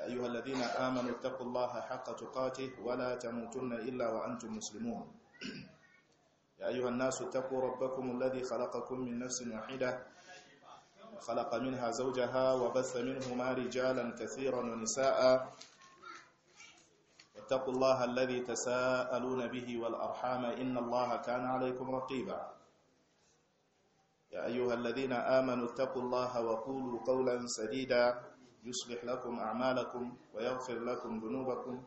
يا أيها الذين آمنوا اتقوا الله حق تقاته ولا تموتن إلا وأنتم مسلمون يا أيها الناس اتقوا ربكم الذي خلقكم من نفس واحدة خلق منها زوجها وبث منهما رجالا كثيرا ونساء واتقوا الله الذي تساءلون به والأرحام إن الله كان عليكم رقيبا يا أيها الذين آمنوا اتقوا الله وقولوا قولا سديدا يصلح لكم أعمالكم ويغفر لكم ذنوبكم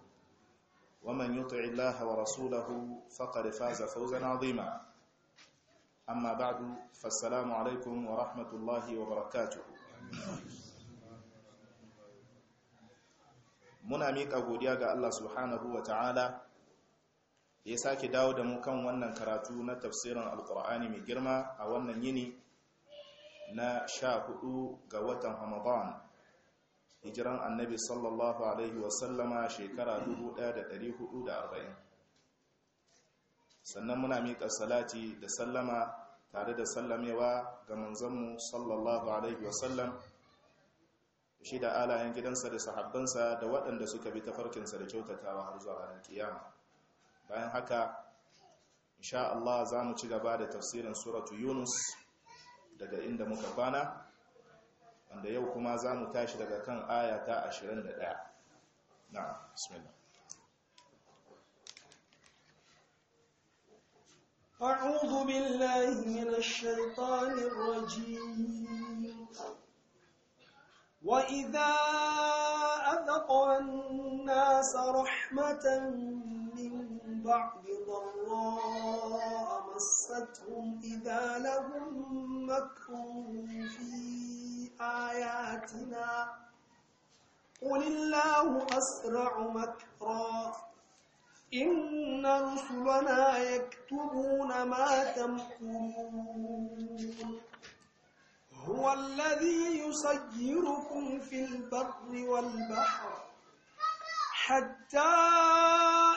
ومن يطع الله ورسوله فقد فاز فوزا عظيما أما بعد فالسلام عليكم ورحمة الله وبركاته muna miƙa godiya ga Allah subhanahu wa ta'ala ya sake dawo da mu kan wannan karatu na tafsirin alƙur'ani mai girma a wannan yini na sha hudu ga watan Ramadan hijiran annabi sallallahu alaihi wasallama shekara 1440 sannan muna miƙa salati da sallama tare da sallamewa ga manzanmu sallallahu alaihi wasallam shi da alayen gidansa da sahabbansa da waɗanda suka bi tafarkinsa da kyautatawa har zuwa ranar kiyama bayan haka insha Allah za mu ci gaba da tafsirin suratu yunus daga inda muka kwana wanda yau kuma za mu tashi daga kan aya ta 21 na bismillah أعوذ بالله من الشيطان الرجيم وإذا أذقنا الناس رحمة من بعد ضراء مستهم إذا لهم مكر فيه آياتنا قل الله أسرع مكرا إن رسلنا يكتبون ما تمكرون هو الذي يسيركم في البر والبحر حتى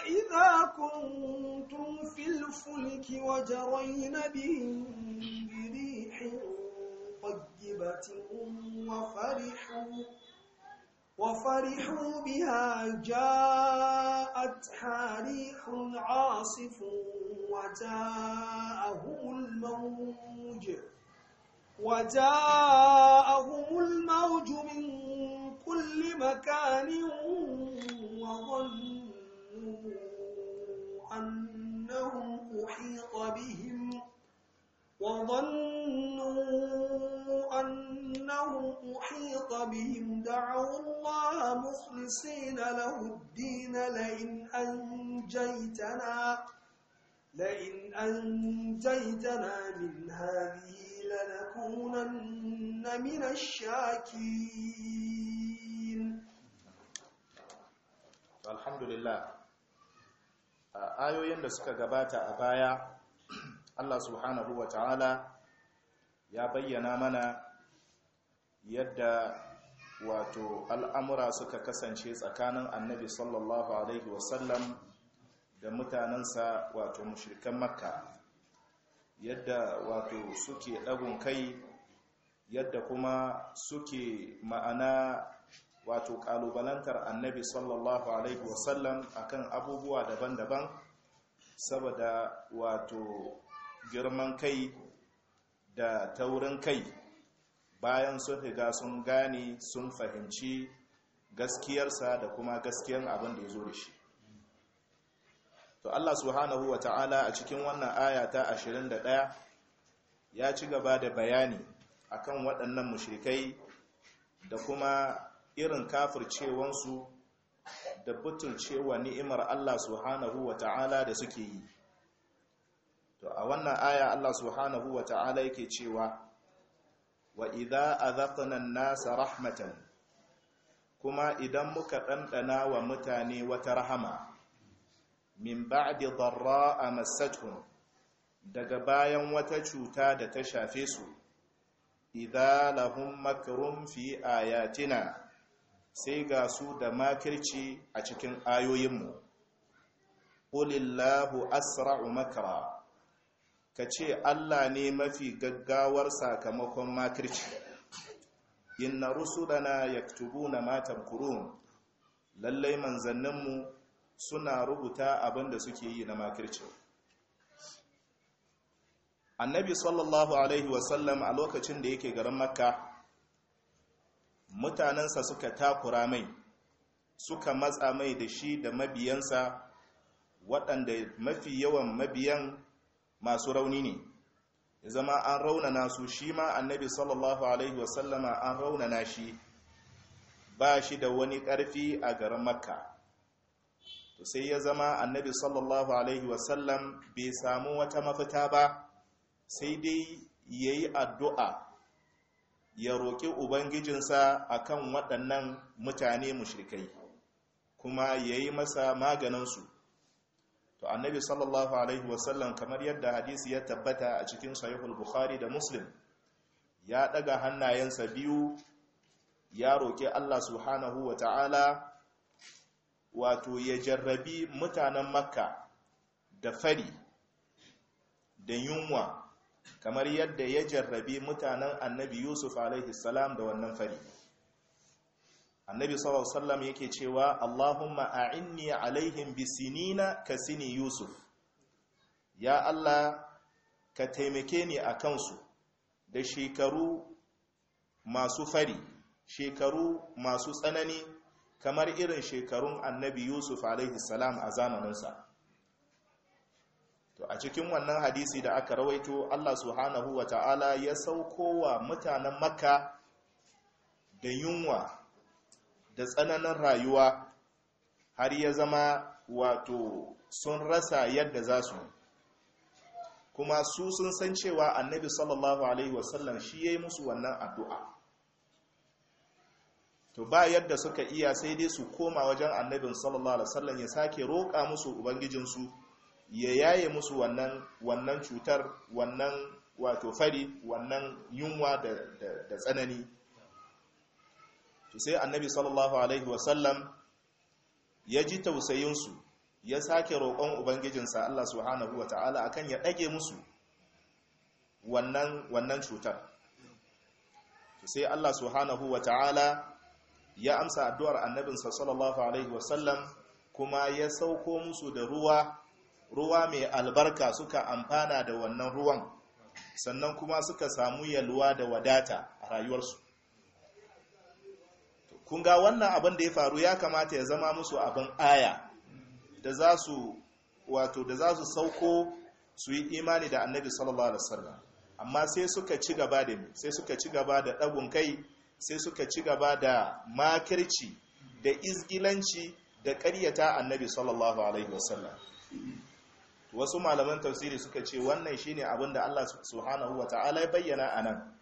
إذا كنتم في الفلك وجرين بهم طيبة وفرحوا وفرحوا بها جَاءَتْ ريح عاصف وجاءهم الموج وجاءهم الموج من كل مكان وظنوا أنهم أحيط بهم وظنوا أنه أحيط بهم دعوا الله مخلصين له الدين لئن أنجيتنا لئن أنجيتنا من هذه لنكونن من الشاكين الحمد لله ayoyin da suka أبايا الله سبحانه وتعالى subhanahu wa ta'ala ya bayyana mana yadda wato al'amura suka kasance tsakanin annabi sallallahu alaihi wasallam da mutanensa wato mashirkan makka yadda wato suke ɗagun kai yadda kuma suke ma'ana wato ƙalubalantar annabi sallallahu alaihi wasallam akan abubuwa daban-daban saboda wato girman kai da taurin kai bayan sun riga sun gane sun fahimci gaskiyarsa da kuma gaskiyar abin da ya zo da shi to Allah subhanahu wa ta'ala a cikin wannan aya ta 21 ya ci gaba da bayani akan waɗannan mushrikai da kuma irin kafircewansu da butulcewa ni'imar Allah subhanahu wa ta'ala da suke yi to a wannan aya Allah subhanahu wa ta'ala yake cewa wa idza azaqna an-nasa rahmatan kuma idan muka ɗanɗana wa mutane wata rahama min ba'di darra'a massatuhum daga bayan wata cuta da ta shafe su idza lahum makrun fi ayatina sai ga su da makirci a cikin ayoyinmu ƙulillahu asra'u makara ka ce Allah ne mafi gaggawar sakamakon makirci inna rusulana yaktubuna matan kurun lallai manzanninmu suna rubuta abin da suke yi na makirci annabi sallallahu alaihi wasallam a lokacin da yake garin makka mutanensa suka takura mai suka matsa mai da shi da mabiyansa waɗanda mafi yawan mabiyan masu rauni ne ya zama an raunana su shi ma annabi sallallahu alaihi wasallama an raunana shi ba shi da wani ƙarfi a garin makka to sai ya zama annabi sallallahu alaihi wasallam bai samu wata mafita ba sai dai ya yi addu'a ya roƙi ubangijinsa akan waɗannan mutane mushrikai kuma ya yi masa maganinsu to annabi sallallahu alaihi wasallam kamar yadda hadisi ya tabbata a cikin sahihul bukhari da muslim ya daga hannayensa biyu ya roƙi Allah subhanahu wa ta'ala wato ya jarrabi mutanen makka da fari da yunwa kamar yadda ya jarrabi mutanen annabi yusuf alaihi salam da wannan fari annabi sallallahu alaihi yake cewa Allahumma a'inni alaihim bisinina ka sini Yusuf ya Allah ka taimake ni a kansu da shekaru masu fari shekaru masu tsanani kamar irin shekarun annabi Yusuf alaihi salam a zamaninsa to a cikin wannan hadisi da aka rawaito Allah subhanahu wata'ala ya wa mutanen makka da yunwa da tsananin rayuwa har ya zama wato sun rasa yadda za su kuma su sun san cewa annabi sallallahu alaihi wasallam shi ya yi musu wannan addu'a to ba yadda suka iya sai dai su koma wajen annabin sallallahu alaihi wasallam ya sake roƙa musu ubangijinsu ya yaye musu wannan cutar wannan wato fari wannan yunwa da tsanani sai annabi sallallahu alaihi wasallam ya ji tausayinsu ya sake roƙon ubangijinsa Allah subhanahu wata'ala akan ya ɗage musu wannan cutar sai Allah subhanahu wata'ala ya amsa addu'ar annabinsa sallallahu alaihi wasallam kuma ya sauko musu da ruwa ruwa mai albarka suka amfana da wannan ruwan sannan kuma suka samu yalwa da wadata a rayuwarsu kun ga wannan abin da ya faru ya kamata ya zama musu abin aya da za su wato da za su sauko su yi imani da annabi sallallahu alaihi wasallam amma sai suka ci gaba da sai suka ci gaba da dagun kai sai suka ci gaba da makirci da izgilanci da ƙaryata annabi sallallahu alaihi wasallam wasu malaman tafsiri suka ce wannan shine abin da Allah subhanahu wataala ya bayyana anan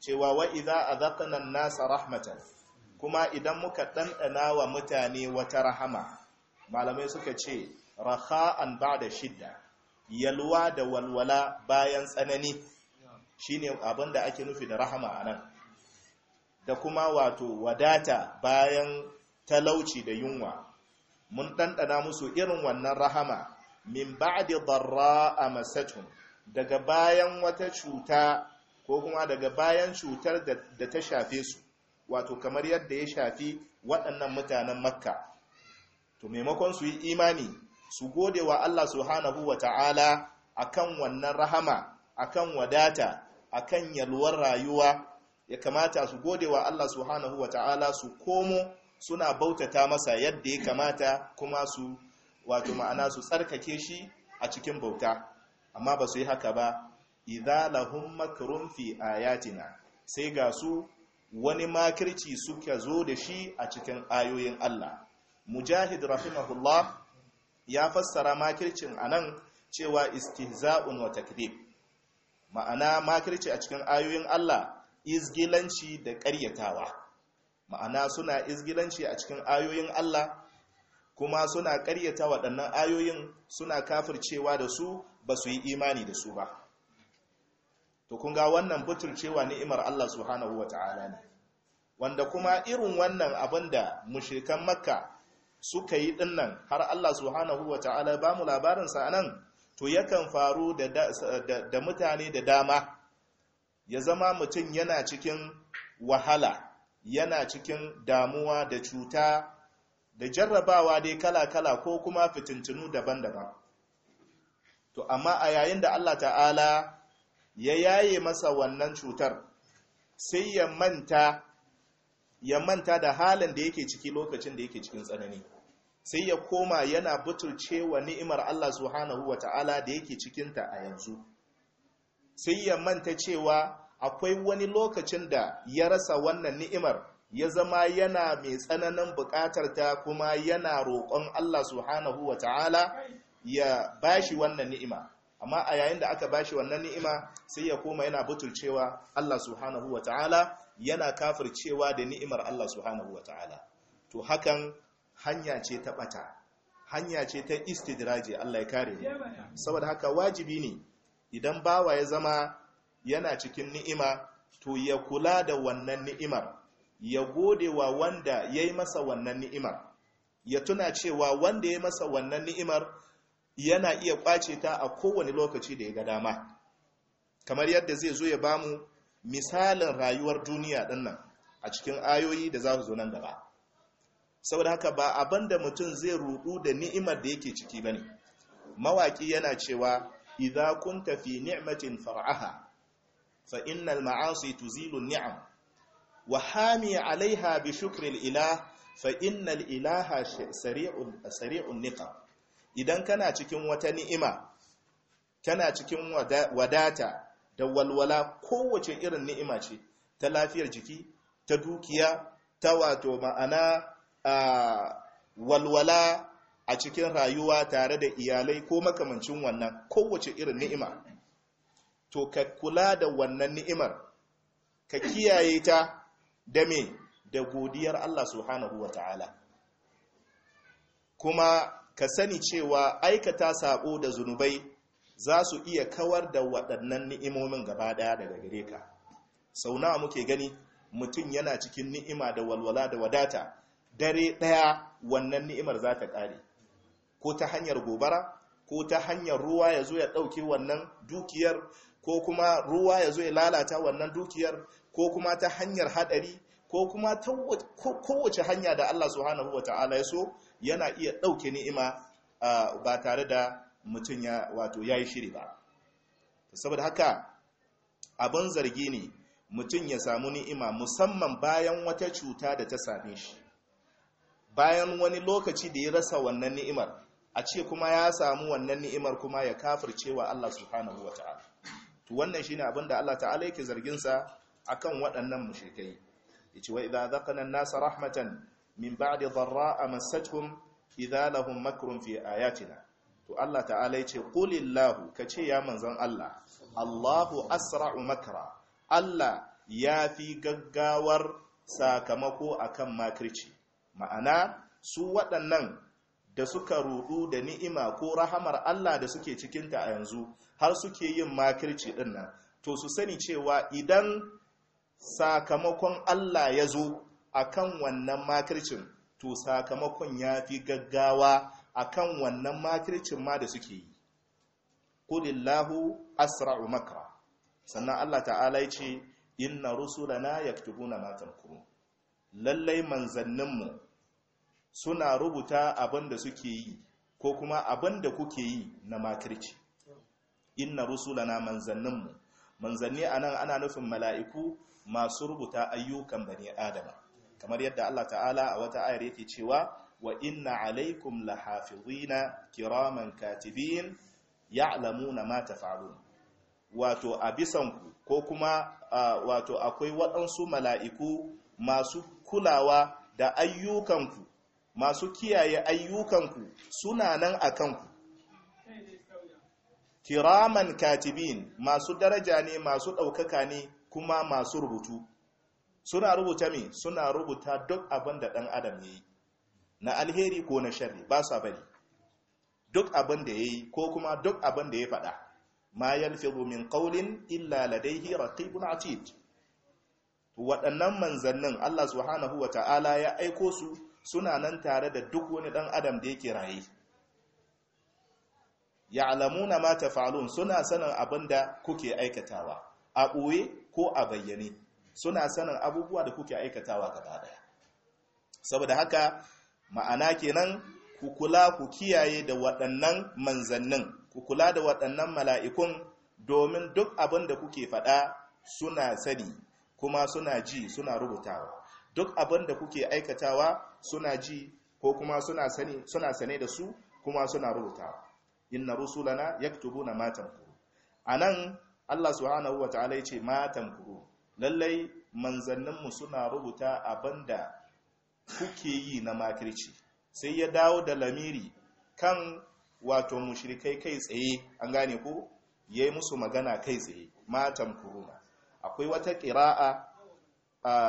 cewa wa idza azaqna an-nasa rahmatan kuma idan muka ɗanɗana wa mutane wata rahama malamai suka ce an ba da shidda yalwa da walwala bayan tsanani shine abin da ake nufi da rahama a nan da kuma wato wadata bayan talauci da yunwa mun ɗanɗana musu irin wannan rahama min ba'di barra a masatun daga bayan wata cuta ko kuma daga bayan cutar da ta shafe su wato kamar yadda ya shafi waɗannan mutanen makka to maimakon su yi imani su gode wa Allah subhanahu wa ta'ala akan wannan rahama akan wadata akan yalwar rayuwa ya kamata su gode wa Allah subhanahu wa ta'ala su komo suna bautata masa yadda ya kamata kuma su wato ma'ana su tsarkake shi a cikin bauta amma ba su yi haka ba idza lahum makrun fi ayatina sai ga su wani makirci suka zo da shi a cikin ayoyin Allah mujahid rahimahullah ya fassara makircin a nan cewa istihza'un wa takdib ma'ana makirci a cikin ayoyin Allah izgilanci da ƙaryatawa ma'ana suna izgilanci a cikin ayoyin Allah kuma suna ƙaryata waɗannan ayoyin suna kafircewa da su ba su yi imani da su ba to kun ga wannan butulcewa ni'imar Allah subhanahu wata'ala ne wanda kuma irin wannan abin da mushrikan makka suka yi dinnan har Allah subhanahu wata'ala ba mu labarin sa nan to yakan faru da da mutane da dama ya zama mutum yana cikin wahala yana cikin damuwa da cuta da jarrabawa dai kala-kala ko kuma fitintunu daban-daban to amma a yayin da Allah ta'ala ya yaye masa wannan cutar sai ya manta ya manta da halin da yake ciki lokacin da yake cikin tsanani sai ya koma yana butulce wa ni'imar Allah subhanahu wa ta'ala da yake cikin ta a yanzu sai ya manta cewa akwai wani lokacin da ya rasa wannan ni'imar ya zama yana mai tsananin buƙatar ta kuma yana roƙon Allah subhanahu wa ya bashi wannan ni'ima amma a yayin da aka bashi wannan ni'ima sai ya koma yana butulcewa Allah subhanahu wata'ala yana kafircewa da ni'imar Allah subhanahu wata'ala to hakan hanya ce ta bata hanya ce ta istidraji Allah ya kare ni saboda haka wajibi ne idan bawa ya zama yana cikin ni'ima to ya kula da wannan ni'imar ya gode wa wanda ya masa wannan ni'imar ya tuna cewa wanda ya masa wannan ni'imar yana iya kwace ta a kowane lokaci da ya ga dama kamar yadda zai zo ya bamu misalin rayuwar duniya dinnan a cikin ayoyi da za su zo nan gaba saboda haka ba abin da mutum zai rudu da ni'imar da yake ciki ba ne. mawaki yana cewa idza kunta fi ni'matin far'aha fa innal ma'asi tuzilu ni'am wa hami 'alayha bi shukri ilah fa innal ilaha sari'un sari'un niqam idan kana cikin wata ni'ima kana cikin wadata da walwala kowace irin ni'ima ce ta lafiyar jiki ta dukiya ta wato ma'ana a walwala a cikin rayuwa tare da iyalai ko makamancin wannan kowace irin ni'ima to ka kula da wannan ni'imar ka kiyaye ta da me da godiyar Allah subhanahu wa ta'ala kuma ka sani cewa aikata sabo da zunubai za su iya kawar da waɗannan ni'imomin gaba ɗaya daga gare ka sau nawa muke gani mutum yana cikin ni'ima da walwala da wadata dare ɗaya wannan ni'imar za ta ƙare ko ta hanyar gobara ko ta hanyar ruwa ya zo ya ɗauke wannan dukiyar ko kuma ruwa ya zo ya lalata wannan dukiyar ko kuma ta hanyar haɗari ko kuma kowace hanya da Allah subhanahu Ta'ala ya so yana iya ɗauke ni'ima ba tare da mutum ya wato ya yi shiri ba saboda haka abin zargi ne mutum ya samu ni'ima musamman bayan wata cuta da ta same shi bayan wani lokaci da ya rasa wannan ni'imar a ce kuma ya samu wannan ni'imar kuma ya kafircewa Allah subhanahu wata'ala to wannan shi ne abin da Allah ta'ala yake zargin sa akan waɗannan mushrikai yace wa idza dhaqana an-nasa rahmatan min ba'di dharra'a massatuhum idza lahum makrun fi ayatina to Allah ta'ala yace qulillahu kace ya manzon Allah Allahu asra'u makra Allah ya fi gaggawar sakamako akan makirci ma'ana su waɗannan da suka rudu da ni'ima ko rahamar Allah da suke cikinta a yanzu har suke yin makirci ɗin nan to su sani cewa idan sakamakon Allah ya zo akan wannan makircin to sakamakon ya fi gaggawa akan wannan makircin ma da suke yi kulillahu asra'u makra sannan Allah ta'ala ya ce inna rusulana yaktubuna ma tamkurun lallai manzanninmu suna rubuta abin da suke yi ko kuma abin da kuke yi na makirci inna rusulana manzanninmu manzanni anan ana nufin mala'iku masu rubuta ayyukan bani adama kamar yadda Allah ta'ala a wata ayar yake cewa wa inna alaikum lahafizina kiraman katibin ya'lamuna ma taf'alun wato a ku ko kuma wato akwai waɗansu mala'iku masu kulawa da ayyukanku masu kiyaye ayyukan ku suna nan akan ku kiraman katibin masu daraja ne masu ɗaukaka ne kuma masu rubutu suna rubuta me suna rubuta duk abin da ɗan adam ya yi na alheri ko na sharri ba su bari duk abin da ya yi ko kuma duk abin da ya faɗa ma kaulin min qawlin illa ladayhi raqibun atid waɗannan manzannin Allah subhanahu ta'ala ya aiko su suna nan tare da duk wani ɗan adam da yake raye ya'lamuna ma taf'alun suna sanin abin da kuke aikatawa a ɓoye ko a bayyane suna sanin abubuwa da kuke aikatawa gaba daya saboda haka ma'ana kenan ku kula ku kiyaye da waɗannan manzannin ku kula da waɗannan mala'ikun domin duk abin da kuke faɗa suna sani kuma suna ji suna rubutawa duk abin da kuke aikatawa suna ji ko kuma suna sani suna sane da su kuma suna rubutawa inna rusulana yaktubuna ma A anan Allah subhanahu wa ta'ala yace ma tamkuru lallai manzanninmu suna rubuta abanda kuke yi na makirci sai ya dawo da lamiri kan wato mushrikai kai tsaye an gane ko yayi musu magana kai tsaye ma tamkuruna akwai wata qira'a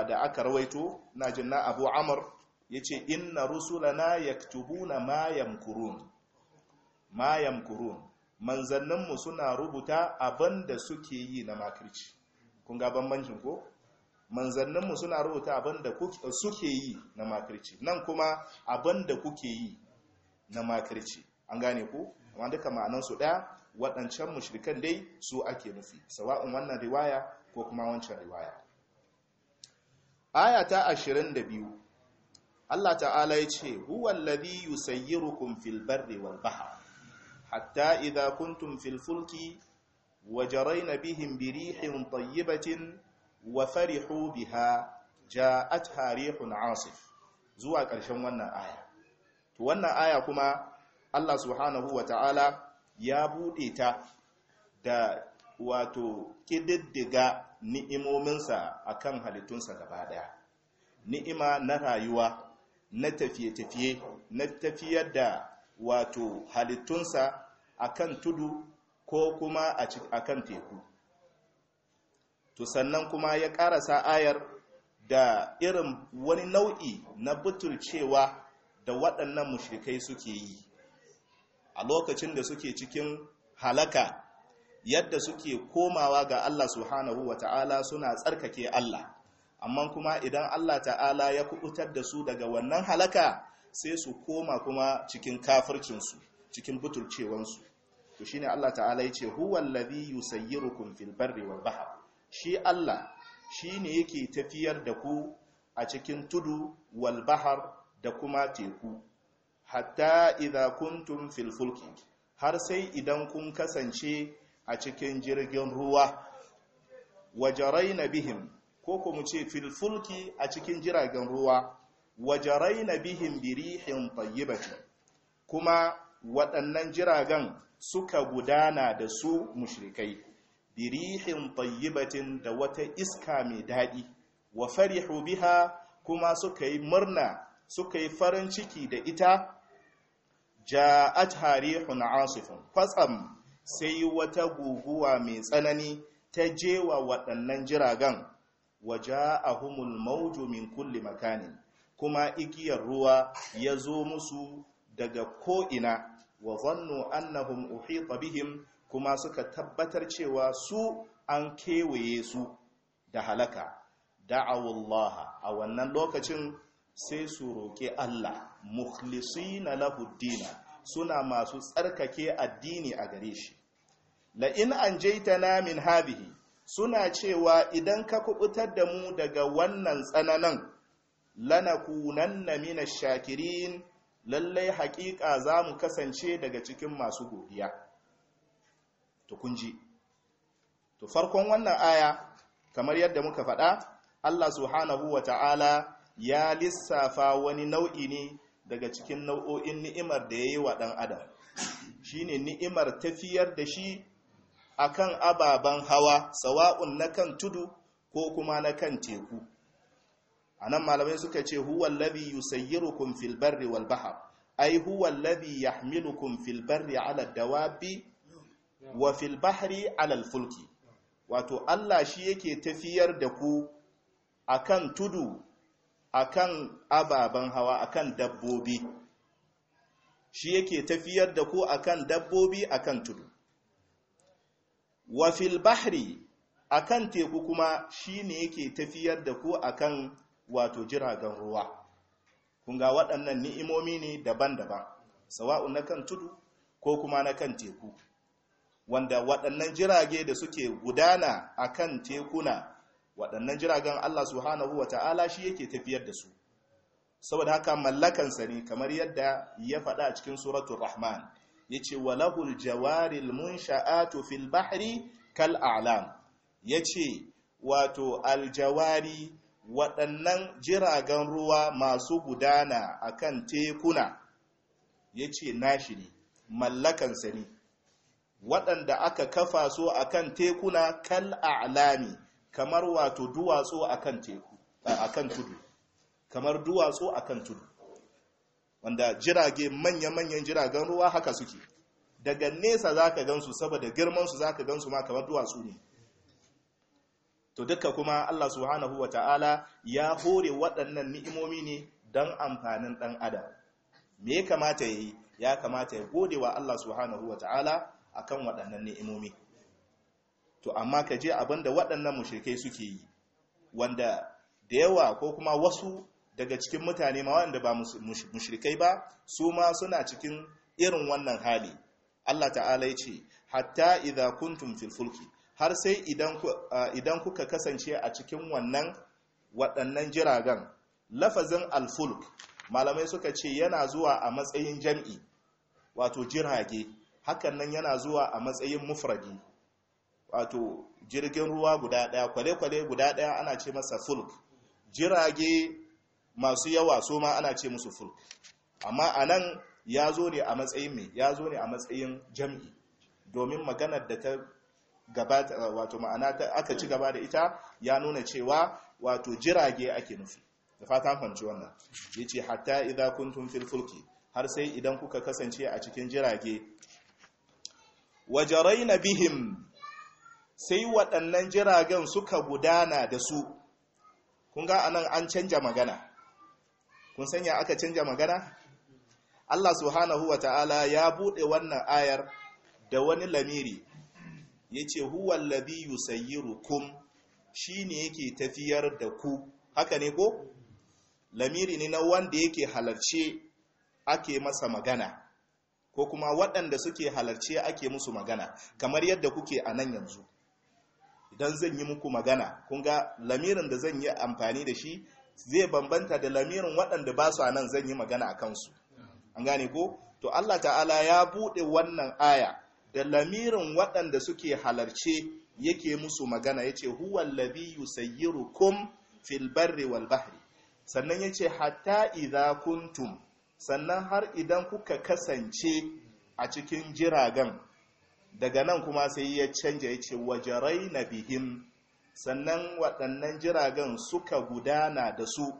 da aka rawaito na jinna Abu Amr yace inna rusulana yaktubuna ma yamkurun ma yamkurun manzanninmu suna rubuta abin da suke yi na makirci kun gaban manjin ko manzanninmu suna rubuta abin suke yi na makirci nan kuma abin kuke yi na makirci an gane ku amma duka ma'anansu ɗaya waɗancan mushrikan dai su ake nufi sawa'un wannan riwaya ko kuma wancan riwaya aya ta biyu. Allah ta'ala ya ce huwallazi yusayyirukum fil barri wal bahr hatta idha kuntum fil fulki bi rihin tayyibatin wa farihu biha ja'at harihun 'asif zuwa ƙarshen wannan aya to wannan aya kuma Allah subhanahu wataala ya bude ta da wato kididdiga ni'imominsa akan halittunsa gaba daya ni'ima na rayuwa na tafiye-tafiye na tafiyar da wato halittunsa akan tudu ko kuma a kan teku to sannan kuma ya karasa ayar da irin wani nau'i na butulcewa da waɗannan mushrikai suke yi a lokacin da suke cikin halaka yadda suke komawa ga Allah subhanahu wata'ala suna tsarkake Allah amma kuma idan Allah ta'ala ya kubutar da su daga wannan halaka sai su koma kuma cikin kafircinsu cikin butulcewansu to shi ne Allah ta'ala yace huwal ladhi yusayyirukum fil barri wal bahr shi Allah shi ne yake tafiyar da ku a cikin tudu wal bahar da kuma teku hatta idza kuntum fil fulki har sai idan kun kasance a cikin jirgin ruwa na bihim ko kuma ce fil fulki a cikin jiragen ruwa wajaraina bihin birihin tayyibati kuma waɗannan jiragen suka gudana da su mushrikai birihin tayyibatin da wata iska mai daɗi wa farihu biha kuma suka yi murna suka yi farin ciki da ita ja'at harihun asifin kwatsam sai wata guguwa mai tsanani ta je wa waɗannan jiragen wa ja'ahumul mawju min kulli makanin kuma igiyar ruwa ya zo musu daga ko'ina wa zannu annahum uhita bihim kuma suka tabbatar cewa su an kewaye su da halaka da'awullaha a wannan lokacin sai su roƙe Allah mukhlisina lahu dina suna masu tsarkake addini a gare shi la'in in ta min habihi. suna cewa idan ka kubutar da mu daga wannan tsananan lanakunanna mina shakirin lallai haƙiƙa za mu kasance daga cikin masu godiya to tukunji to farkon wannan aya kamar yadda muka faɗa Allah subhanahu wa ta'ala ya lissafa wani nau'i ne daga cikin nau'o'in ni'imar da ya yi wa ɗan adam shine ni'imar tafiyar da shi akan ababen hawa sawa'un na kan tudu ko kuma na kan teku anan malamai suka ce huwa alladhi yusayyirukum fil barri wal bahr ay huwa alladhi yahmilukum fil barri ala dawabi wa fil bahri ala al fulki wato Allah shi yake tafiyar da ku akan tudu akan ababen hawa akan dabbobi shi yake tafiyar da ku akan dabbobi akan tudu wa fil bahri akan teku kuma shine yake tafiyar da ku akan wato jiragen ruwa kunga waɗannan ni'imomi ne daban-daban sawa'un na kan tudu ko kuma na kan teku wanda waɗannan jirage da suke gudana a kan tekuna waɗannan jiragen Allah subhanahu wa ta'ala shi yake tafiyar da su saboda haka mallakansa ne kamar yadda ya faɗa a cikin suratun rahman ya ce walahul jawaril munsha'atu fil bahri kal a'lam ya ce wato aljawari waɗannan jiragen ruwa masu gudana a kan tekuna ya ce nashi ne mallakansa ne waɗanda aka kafa su a kan tekuna kal a'lami kamar wato duwatsu a kan tudu kamar duwatsu a kan tudu wanda jirage manya-manyan jiragen ruwa haka suke daga nesa za ka gansu saboda girmansu za ka gansu ma kamar duwatsu ne to duka kuma Allah subhanahu wata'ala ya hore waɗannan ni'imomi ne don amfanin ɗan adam me ya kamata ya yi ya kamata ya gode wa Allah subhanahu A kan waɗannan ni'imomi to amma ka je abin da waɗannan mushrikai suke yi wanda da yawa ko kuma wasu daga cikin mutane ma wanda ba mushrikai ba su ma suna cikin irin wannan hali Allah ta'ala ya ce hatta idza kuntum fil fulki har sai idan kuka kasance a cikin wannan waɗannan jiragen lafazin alfulk malamai suka ce yana zuwa a matsayin jam'i wato jirage hakan nan yana zuwa a matsayin mufradi wato jirgin ruwa guda ɗaya kwale-kwale guda ɗaya ana ce masa fulk jirage masu yawa su ma ana ce musu fulk amma a nan ya zo ne a matsayin mai ya zo ne a matsayin jam'i domin maganar da ta Gaba wato ma'ana aka ci gaba da ita ya nuna cewa wato jirage ake nufi da fatan kwanci wannan Ya ce hatta idan kuntum fil fulki har sai idan kuka kasance a cikin jirage raina bihim sai waɗannan jiragen suka gudana da su kun ga anan an canja magana kun sanya aka canja magana Allah subhanahu wa ta'ala ya buɗe wannan ayar da wani lamiri Ya yace huwa alladhi shi ne yake tafiyar da ku haka ne ko lamiri ne na wanda yake halarce ake masa magana ko kuma waɗanda suke halarce ake musu magana kamar yadda kuke a nan yanzu idan zan yi muku magana kun ga lamirin da zan yi amfani da shi zai bambanta da lamirin waɗanda ba su a nan zan yi magana a kansu an gane ko to Allah ta'ala ya buɗe wannan aya da lamirin waɗanda suke halarce yake musu magana ya ce huwallabi yusayyirukum fil barri wal bahri sannan ya ce hatta idha kuntum sannan har idan kuka kasance a cikin jiragen daga nan kuma sai ya canja ya ce wajarai na bihim sannan waɗannan jiragen suka gudana da su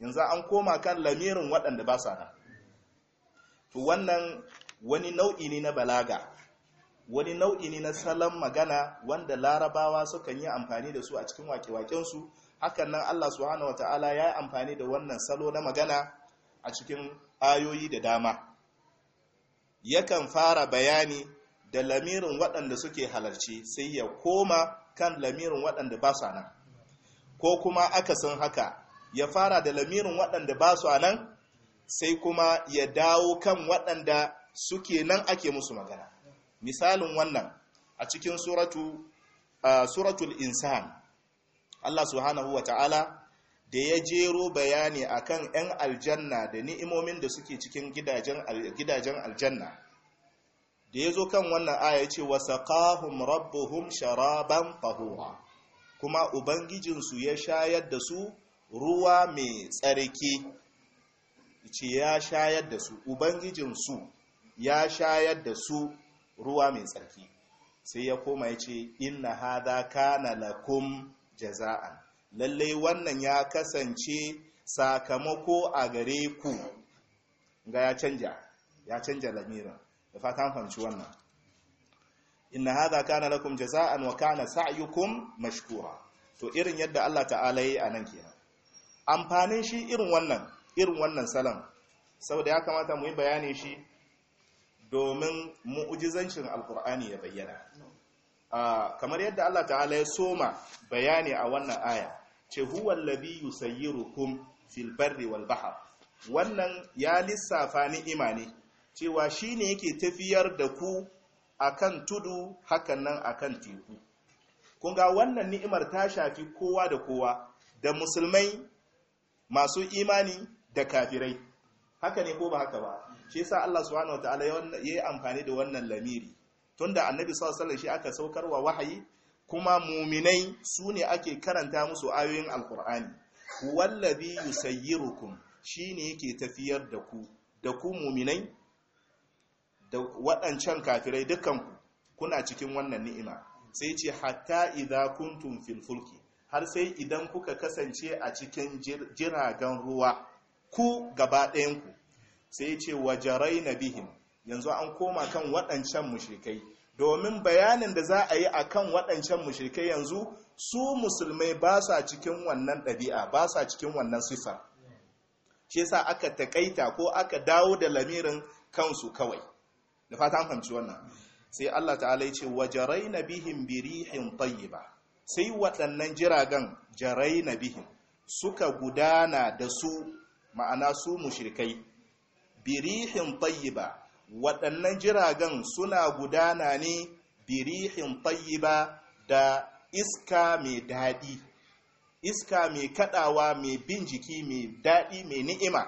yanzu an koma kan lamirin waɗanda ba sa nan wannan wani nau'i ne na balaga wani nau'i ne na salon magana wanda larabawa sukan yi amfani da su a cikin wake-wakensu hakan nan allah subhanahu wata'ala ya yi amfani da wannan salo na magana a cikin ayoyi da dama yakan fara bayani da lamirin waɗanda suke halarci sai ya koma kan lamirin waɗanda ba su nan ko kuma akasin haka ya fara da lamirin waɗanda ba su nan sai kuma ya dawo kan waɗanda suke nan ake musu magana misalin wannan a cikin suratul insan Allah subhanahu ta'ala da ya jero bayani a kan 'yan aljanna da ni'imomin da suke cikin gidajen aljanna da ya zo kan wannan aya ce wasaqahum rabbuhum sharaban tahura kuma ubangijinsu ya shayar da su ruwa mai tsarki ce ya shayar da su ubangijinsu ya shayar da su ruwa mai tsarki sai ya koma ya ce inna hada kana lakum jaza'an lallai wannan ya kasance sakamako a gare ku ga ya canja ya canja lamirin da fatan fahimci wannan inna hada kana lakum jaza'an wa kana sa'yukum mashkura to irin yadda Allah ta'ala yi a nan kenan amfanin shi irin wannan irin wannan salam saboda ya kamata mu yi bayani shi domin mu'ujizancin alkur'ani ya bayyana kamar yadda Allah ta'ala ya soma bayani a wannan aya ce huwa allazi yusayyirukum fil barri wal bahr wannan ya lissafa ni'ima ne cewa shine yake tafiyar da ku akan tudu hakan nan akan teku Kunga wannan ni'imar ta shafi kowa da kowa da musulmai masu imani da kafirai haka ne ko ba haka ba shi yasa Allah subhanahu wataala yi amfani da wannan lamiri tunda annabi sallallahu shi aka saukar wa wahayi kuma muminai su ne ake karanta musu ayoyin alkur'ani wallazi yusayyirukum ne yake tafiyar da ku da ku muminai da waɗancan kafirai dukanku kuna cikin wannan ni'ima sai ce hatta idza kun fil fulki har sai idan kuka kasance a cikin jiragen ruwa ku gaba ɗayanku sai ce wajarai na bihin yanzu an koma kan waɗancan mashirkai domin bayanin da za a yi a kan waɗancan mashirkai yanzu su musulmai ba sa cikin wannan ɗabi'a ba sa cikin wannan sifa shi sa aka taƙaita ko aka dawo da lamirin kansu kawai da fata an fahimci wannan sai Allah ta'ala ya ce wajarai na bihim birihin ba sai waɗannan jiragen jarai na bihin suka gudana da su ma'ana su mushrikai birihin tayyiba waɗannan jiragen suna gudana ne birihin tayyiba da iska mai daɗi iska mai kaɗawa mai bin jiki mai daɗi mai ni'ima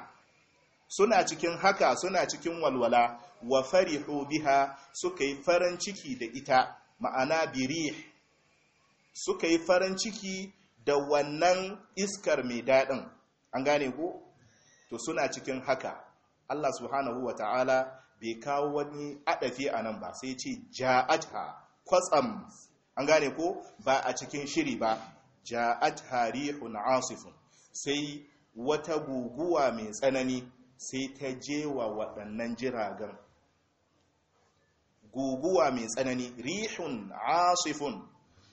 suna cikin haka suna cikin walwala wa farihu biha suka yi farin ciki da ita ma'ana birih suka yi farin ciki da wannan iskar mai daɗin an gane ko to suna cikin haka Allah subhanahu wa ta'ala bai kawo wani adafi a nan ba sai ce ha kwatsam an gane ko ba a cikin shiri ba ja'atha rihun asifun sai wata guguwa mai tsanani sai ta je wa waɗannan jiragen guguwa mai tsanani rihun asifun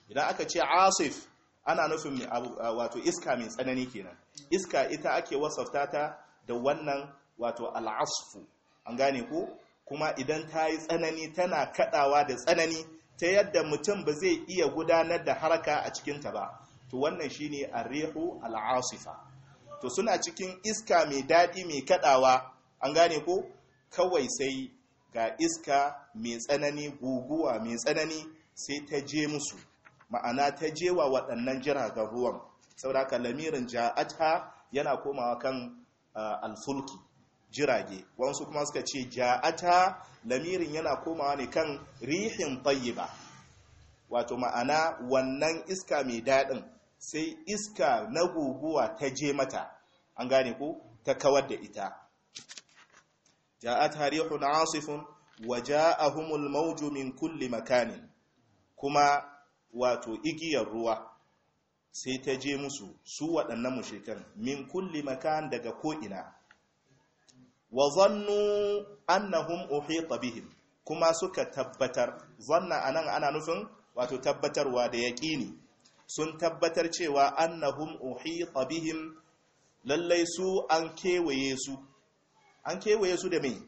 idan aka ce asif ana nufin wato iska mai tsanani kenan iska ita ake wasafta ta da wannan wato al'asfu an gane ku. kuma idan ta yi tsanani tana kadawa da tsanani ta yadda mutum ba zai iya gudanar da haraka a cikinta ba to wannan shine rehu al'asifa to suna cikin iska mai daɗi mai kadawa an gane ku. kawai sai ga iska mai tsanani guguwa mai tsanani sai ta je musu ma'ana ta je wa waɗannan jiragen ruwan saboda lamirin ha yana komawa kan ah, alfulki jirage wasu kuma suka ce ja'ata lamirin yana komawa ne kan rihin tayyiba wato ma'ana wannan iska mai daɗin sai iska na guguwa ta je mata an gane ku ta kawar da ita ja'ata rihun asifun wa ja'ahumul mawju min kulli makanin kuma wato igiyar ruwa sai ta je musu su waɗannan mushrikan min kulli makan daga ko'ina wa zannu annahum uhita bihim kuma suka tabbatar zanna anan ana nufin wato tabbatarwa da yaqini sun tabbatar cewa annahum uhita bihim lallai su an kewaye su an kewaye su da me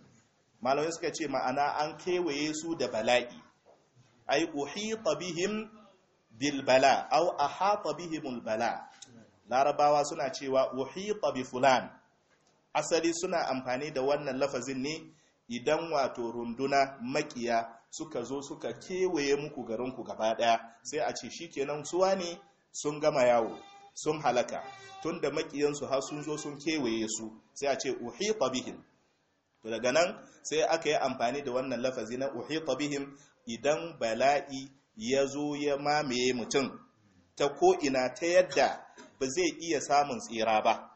malamai suka ce ma'ana an kewaye su da bala'i ay uhita bihim bil bala aw ahata bihim al bala larabawa suna cewa uhita bi fulan asali suna amfani da wannan lafazin ne idan wato runduna makiya suka zo suka kewaye muku garinku gaba daya sai a ce shikenan suwa ne sun gama yawo sun halaka tun da makiyansu har sun zo sun kewaye su sai a ce uhita bihim to daga nan sai aka yi amfani da wannan lafazi na uhita bihim idan bala'i ya zo ya mamaye mutum ta ko ina ta yadda ba zai iya samun tsira ba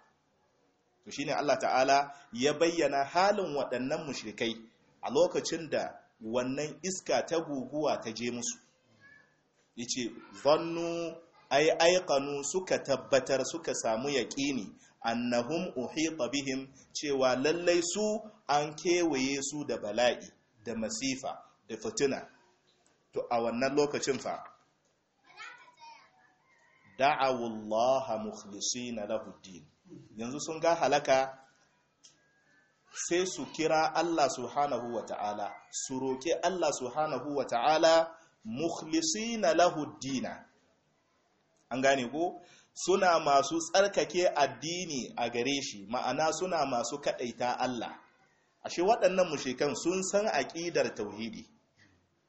to shine Allah ta'ala ya bayyana halin waɗannan mushrikai a lokacin da wannan iska ta guguwa ta je musu yace zannu ay ayqanu suka tabbatar suka samu yaqini annahum uhita bihim cewa lallai su an kewaye su da bala'i da masifa da fitina to a wannan lokacin fa da'awullaha mukhlisina lahu din yanzu sun ga halaka sai su kira Allah subhanahu wa ta'ala su roƙi Allah subhanahu wa ta'ala mukhlisina lahu dina an gane ko suna masu tsarkake addini a gare shi ma'ana suna masu kaɗaita Allah ashe waɗannan mushekan sun san aƙidar tauhidi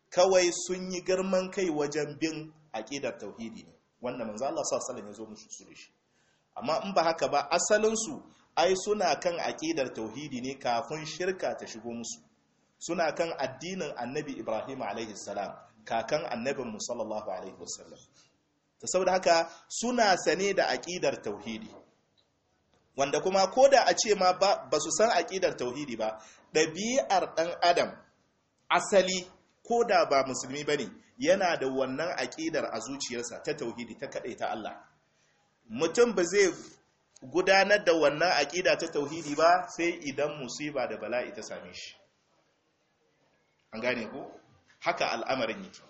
kawai sun yi girman kai wajen bin aƙidar tauhidi ne wanda manzo Allah sallallahu alaihi wasallam ya zo musu shi amma in ba haka ba asalinsu ai suna kan aƙidar tauhidi ne kafin shirka ta shigo musu suna kan addinin annabi ibrahim alaihi salam kakan annabin musallallahu alaihi wasallam ta saboda haka suna sane da aƙidar tauhidi wanda kuma ko da a ce ma ba su san aƙidar tauhidi ba ɗabi'ar ɗan adam asali ko da ba musulmi ba ne yana da wannan aƙidar a zuciyarsa ta tauhidi ta kaɗai ta Allah mutum ba zai gudanar da wannan aƙida ta tauhidi ba sai idan musiba da bala'i ta same shi an gane ku haka al'amarin yake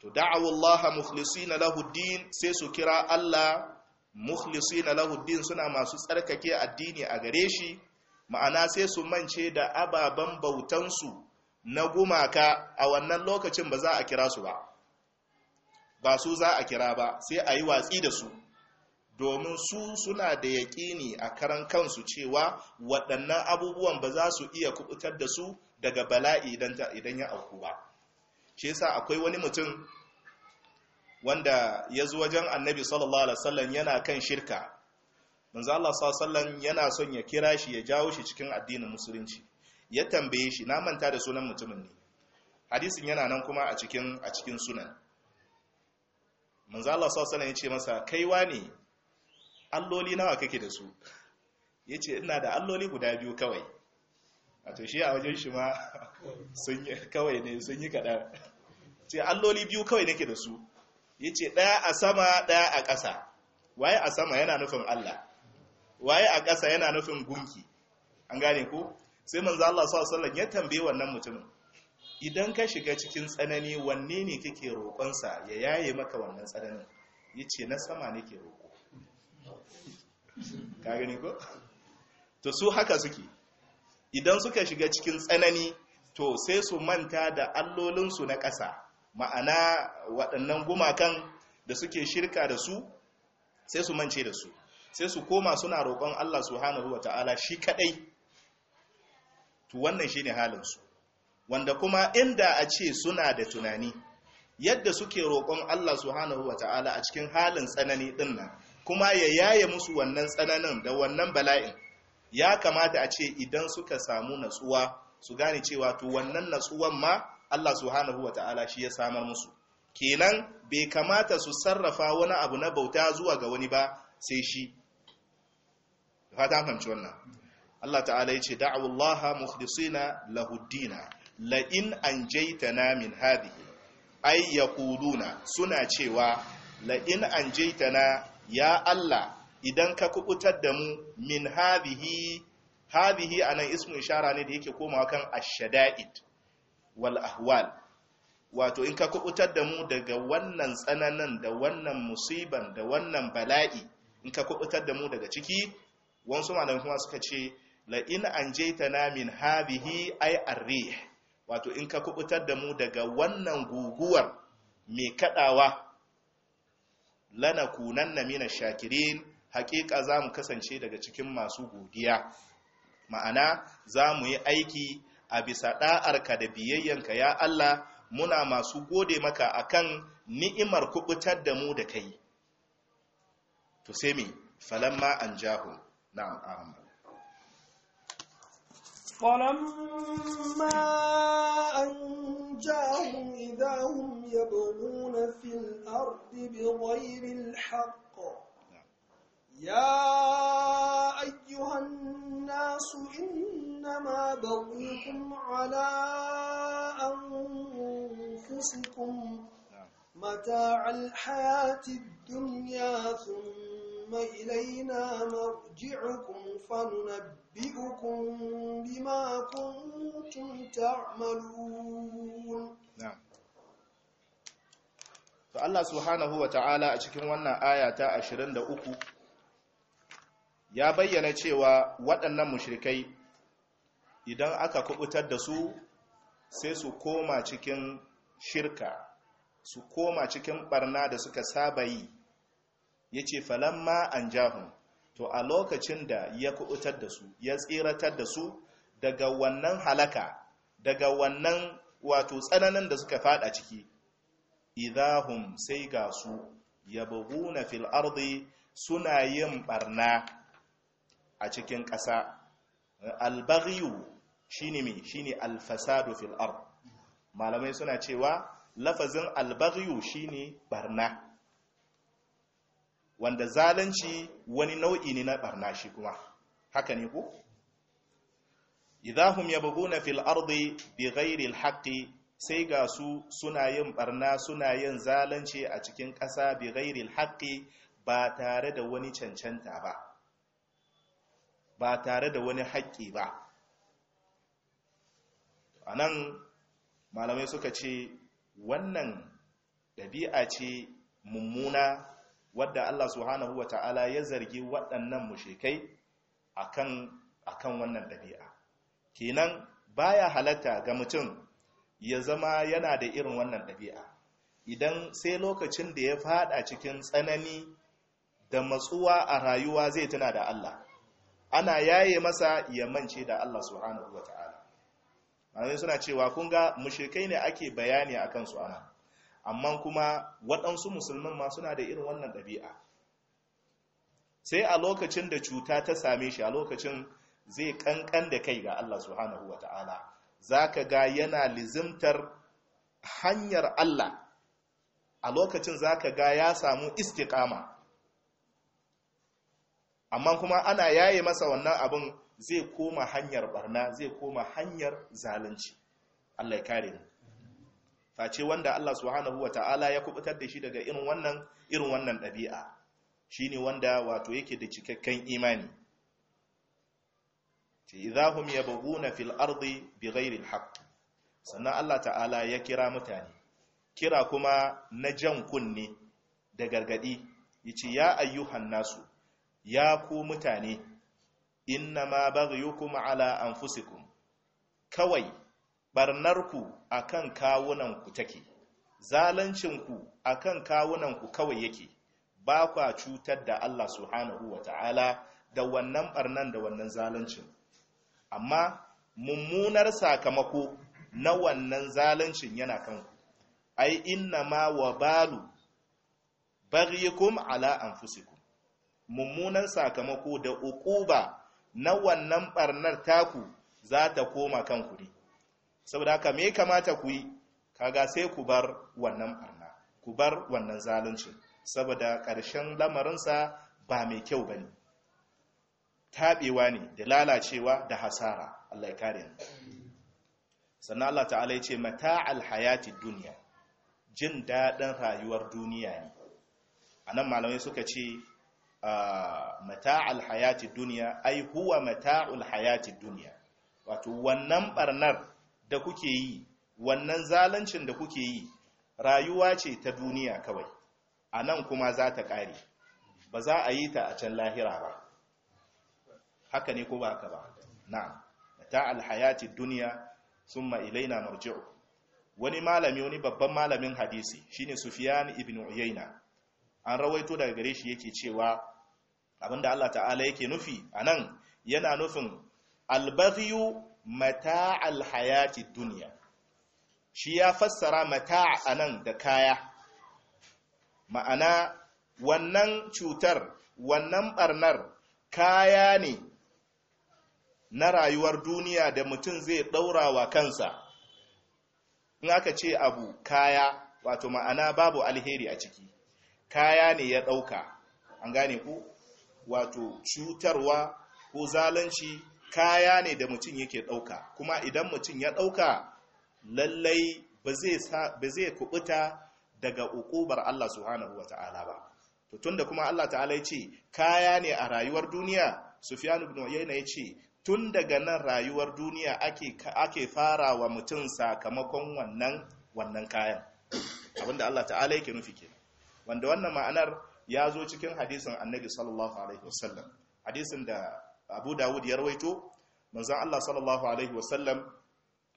to da'awu Allah mukhlisina lahu sai su kira Allah mukhlisina lahu suna masu tsarkake addini a gare shi ma'ana sai su mance da ababan bautansu na gumaka a wannan lokacin ba za a kira su ba ba su za a kira ba sai a yi watsi da su domin su suna da yaƙini a karan kansu cewa waɗannan abubuwan ba za su iya kubutar da su daga bala'i idan ya auku ba shi yasa akwai wani mutum wanda ya zo wajen annabi sallallahu alaihi wasallam yana kan shirka manzo Allah sallallahu yana son ya kira shi ya jawo shi cikin addinin musulunci ya tambaye shi na manta da sunan mutumin ne hadisin yana nan kuma cikin a cikin sunan manzo Allah sallallahu alaihi wasallam ya ce masa kai ne. alloli nawa kake da su yace ina da alloli guda biyu kawai a to shi a wajen shi ma sun yi kawai ne sun yi kadan ce alloli biyu kawai nake da su yace daya a sama daya a ƙasa waye a sama yana nufin Allah waye a ƙasa yana nufin gunki an gane ku, sai manzo Allah sallallahu alaihi wasallam ya tambaye wannan mutumin idan ka shiga cikin tsanani wanne ne kake roƙonsa ya yaye maka wannan tsananin ya ce na sama nake roƙo ka ko? to su haka suke idan suka shiga cikin tsanani to sai su manta da allolinsu na ƙasa ma'ana waɗannan gumakan da suke shirka da su sai su mance da su sai su koma suna roƙon Allah hana ruwa ta'ala shi kaɗai to wannan shi ne halinsu wanda kuma inda a ce suna da tunani yadda suke roƙon Allah subhanahu wata'ala a cikin halin tsanani dinnan kuma ya yaye musu wannan tsananin da wannan bala'in ya kamata a ce idan suka samu natsuwa su gane cewa to wannan natsuwan ma Allah subhanahu wata'ala shi ya samar musu kenan bai kamata su sarrafa wani abu na bauta zuwa ga wani ba sai shi fata fahimci wannan Allah ta'ala ya ce da'awullaha mukhlisina lahuddina la'in an na min hadihi ai yaquluna suna cewa la'in an na ya Allah idan ka kubutar da mu min hadihi a anan ismu ishara ne da yake komawa kan ashada'id wal ahwal wato in ka kubutar da mu daga wannan tsananan da wannan musiban da wannan bala'i in ka kubutar da mu daga ciki wasu malamai kuma suka ce la in na min hadihi ay arrih wato in ka kubutar da mu daga wannan guguwar mai kadawa lana na mina shakirin hakika za mu kasance daga cikin masu godiya ma'ana za mu yi aiki a bisa ɗa'arka da biyayyanka ya Allah muna masu gode maka a kan ni'imar kubutar da mu da kai to sai mi falamma an jahu na'am فلما أنجاهم إذا هم يبغون في الأرض بغير الحق يا أيها الناس إنما بغيكم على أنفسكم نعم. متاع الحياة الدنيا ثم ثم إلينا مرجعكم فننبئكم بما كنتم تعملون نعم فالله سبحانه وتعالى أشكر وانا آية 23 ya bayyana cewa waɗannan mushrikai idan aka kubutar da su sai su koma cikin shirka su koma cikin barna da suka saba yi ya ce falamma an jahun to a lokacin da ya kuɓutar da su ya tsiratar da su daga wannan halaka daga wannan wato tsananin da suka fada ciki idahun sai ga su ya bugu na ardi suna yin barna a cikin ƙasa albaghiyu shine me shine alfasadu fil malamai suna cewa lafazin albaghiyu shine barna wanda zalunci wani nau'i ne na barna shi kuma haka ne ko hum yabghuna fil ardi bighairi al haqqi sai ga su suna yin barna suna yin zalunci a cikin ƙasa bighairi al haqqi ba tare da wani cancanta ba ba tare da wani haƙƙi ba anan malamai suka ce wannan ɗabi'a ce mummuna wadda Allah subhanahu wa ta'ala ya zargi waɗannan mushekai akan akan wannan ɗabi'a kenan baya halatta ga mutum ya zama yana da irin wannan ɗabi'a idan sai lokacin da ya fada cikin tsanani da matsuwa a rayuwa zai tuna da Allah ana yaye masa ya mance da Allah subhanahu wa ta'ala suna cewa kun ga mushrikai ne ake bayani akan su ana amma kuma waɗansu musulman ma suna da irin wannan ɗabi'a sai a lokacin da cuta ta same shi a lokacin zai ƙanƙan da kai ga Allah subhanahu wa ta'ala za ka ga yana lizimtar hanyar Allah a lokacin za ka ga ya samu istiƙama amma kuma ana yaye masa wannan abin zai koma hanyar barna zai koma hanyar zalunci Allah ya kare mu face wanda Allah subhanahu ta'ala ya kubutar da shi daga irin wannan irin wannan ɗabi'a shine wanda wato yake da cikakken imani ce idahum na fil ardi bighairi alhaq sannan Allah ta'ala ya kira mutane kira kuma na jan kunne da gargadi yace ya ayyuhan nasu ya ku mutane innama kuma ala anfusikum kawai barnarku a kan kawunanku take zalancinku kan kawunanku kawai yake ba kwa cutar da Allah subhanahu ta'ala da wannan barnan da wannan zalancin amma mummunar sakamako na wannan zalancin yana kanku ai inna ma wa balu baghikum ala anfusikum mummunan sakamako da ukuba na wannan barnar taku za ta koma kanku ne saboda haka me kamata ku yi kaga sai ku bar wannan barna ku bar wannan zalunci saboda ƙarshen lamarinsa ba mai kyau ba ne taɓewa ne da lalacewa da hasara Allah ya kare mu sannan Allah ta'ala ya ce mata'al hayati duniya jin daɗin rayuwar duniya ne anan malamai suka ce ah, mata'al hayati duniya ai huwa mata'ul hayati duniya wato wannan barnar da kuke yi wannan zalancin da kuke yi rayuwa ce ta duniya kawai a nan kuma za ta ƙare ba za a yi ta a can lahira ba haka ne ko ba ka ba na ta alhayati duniya sun ilaina marji'u wani malami wani babban malamin hadisi shine sufiyan ibn uyaina an rawaito daga gare shi yake cewa abinda Allah ta'ala yake nufi a nan yana nufin albaghyu mata alhayati duniya shi ya fassara mata a nan da kaya ma'ana wannan cutar wannan barnar kaya ne na rayuwar duniya da mutum zai wa kansa in aka ce abu kaya wato ma'ana babu alheri a ciki kaya ne ya ɗauka an gane ku wato cutarwa ko zalunci kaya ne da mutum yake ɗauka kuma idan mutum ya ɗauka lallai ba zai kubuta daga ukubar Allah subhanahu wa ta'ala ba to tunda kuma Allah ta'ala ya ce kaya ne a rayuwar duniya Sufyan ibn Uyayna ya ce tun daga nan rayuwar duniya ake ake fara wa mutum sakamakon wannan wannan kayan abinda Allah ta'ala yake nufi ke, wanda wannan ma'anar ya zo cikin hadisin Annabi sallallahu alaihi wasallam hadisin da abu dawud ya rawaito manzon Allah sallallahu alaihi wasallam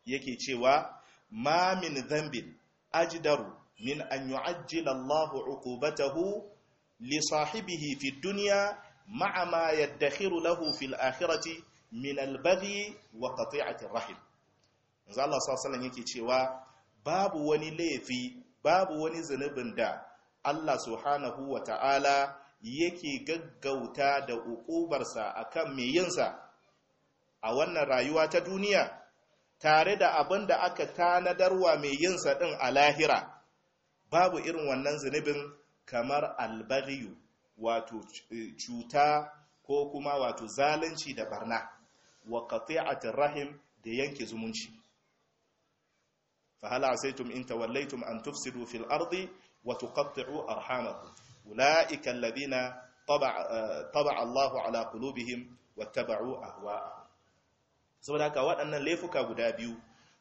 yake cewa ma min zambin ajdaru min an yu'ajjila Allah uqubatahu li sahibihi fi duniya, ma'a yadda hiru lahu fil akhirati min albari wa qati'ati rahim manzon Allah sallallahu alaihi yake cewa babu wani laifi babu wani zunubin da Allah subhanahu wa ta'ala yake gaggauta da ukubarsa akan kan yinsa a wannan rayuwa ta duniya tare da abin da aka tanadarwa mai yinsa ɗin a lahira babu irin wannan zunubin kamar albariyu wato e, cuta ko kuma wato zalunci da barna wa qati'atir rahim da yanke zumunci fa hal asaytum in tawallaytum an tufsidu fil ardi wa tuqatti'u arhamakum أولئك الذين طبع, طبع الله على قلوبهم a أهواءهم saboda haka waɗannan laifuka guda biyu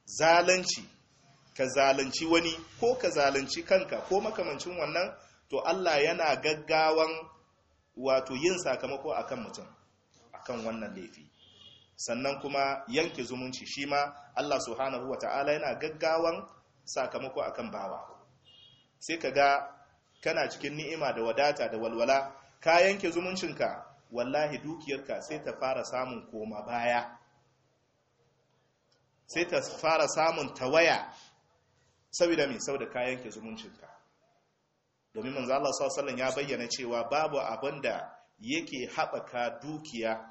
zalanci, ka zalunci wani ko ka zalunci kanka ko makamancin wannan to Allah yana gaggawan wato yin sakamako akan mutum akan wannan laifi sannan kuma yanke zumunci shi ma Allah subhanahu wata'ala yana gaggawan sakamako akan bawa sai ka ga kana cikin ni'ima da wadata da walwala ka yanke zumuncinka wallahi dukiyarka sai ta fara samun koma baya sai ta fara samun tawaya saboda mai sau da ka yanke zumuncinka domin manzo Allah sallallahu ya bayyana cewa babu abin da yake haɓaka dukiya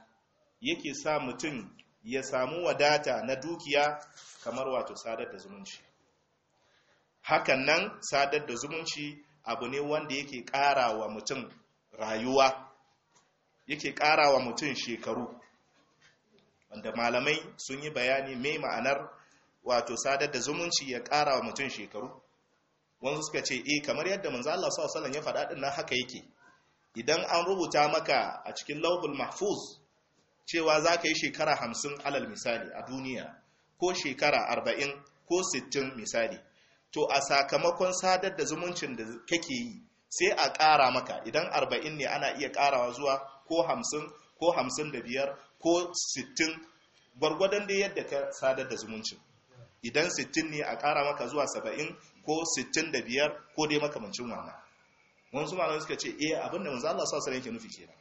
yake sa mutum ya samu wadata na dukiya kamar wato sadar da zumunci hakan nan sadar da zumunci abu ne wanda yake ƙara wa mutum rayuwa yake kara wa mutum shekaru wanda malamai sun yi bayani mai ma'anar wato sadar da zumunci ya ƙara wa mutum shekaru wanzu suka ce eh kamar yadda manzo Allah sallallahu alaihi ya faɗa na haka yake idan an rubuta maka a cikin lawbul mahfuz cewa za ka yi shekara hamsin alal misali a duniya ko shekara arba'in ko sittin misali to a sakamakon sadar da zumuncin da kake yi sai a ƙara maka idan arba'in ne ana iya ƙarawa zuwa ko hamsin ko hamsin da biyar ko sittin gwargwadon da yadda ka sadar da zumuncin idan sittin ne a ƙara maka zuwa saba'in ko sittin da biyar ko dai makamancin wannan wani su malamai suka ce eh abinda manzo Allah sallallahu alaihi wasallam yake nufi kenan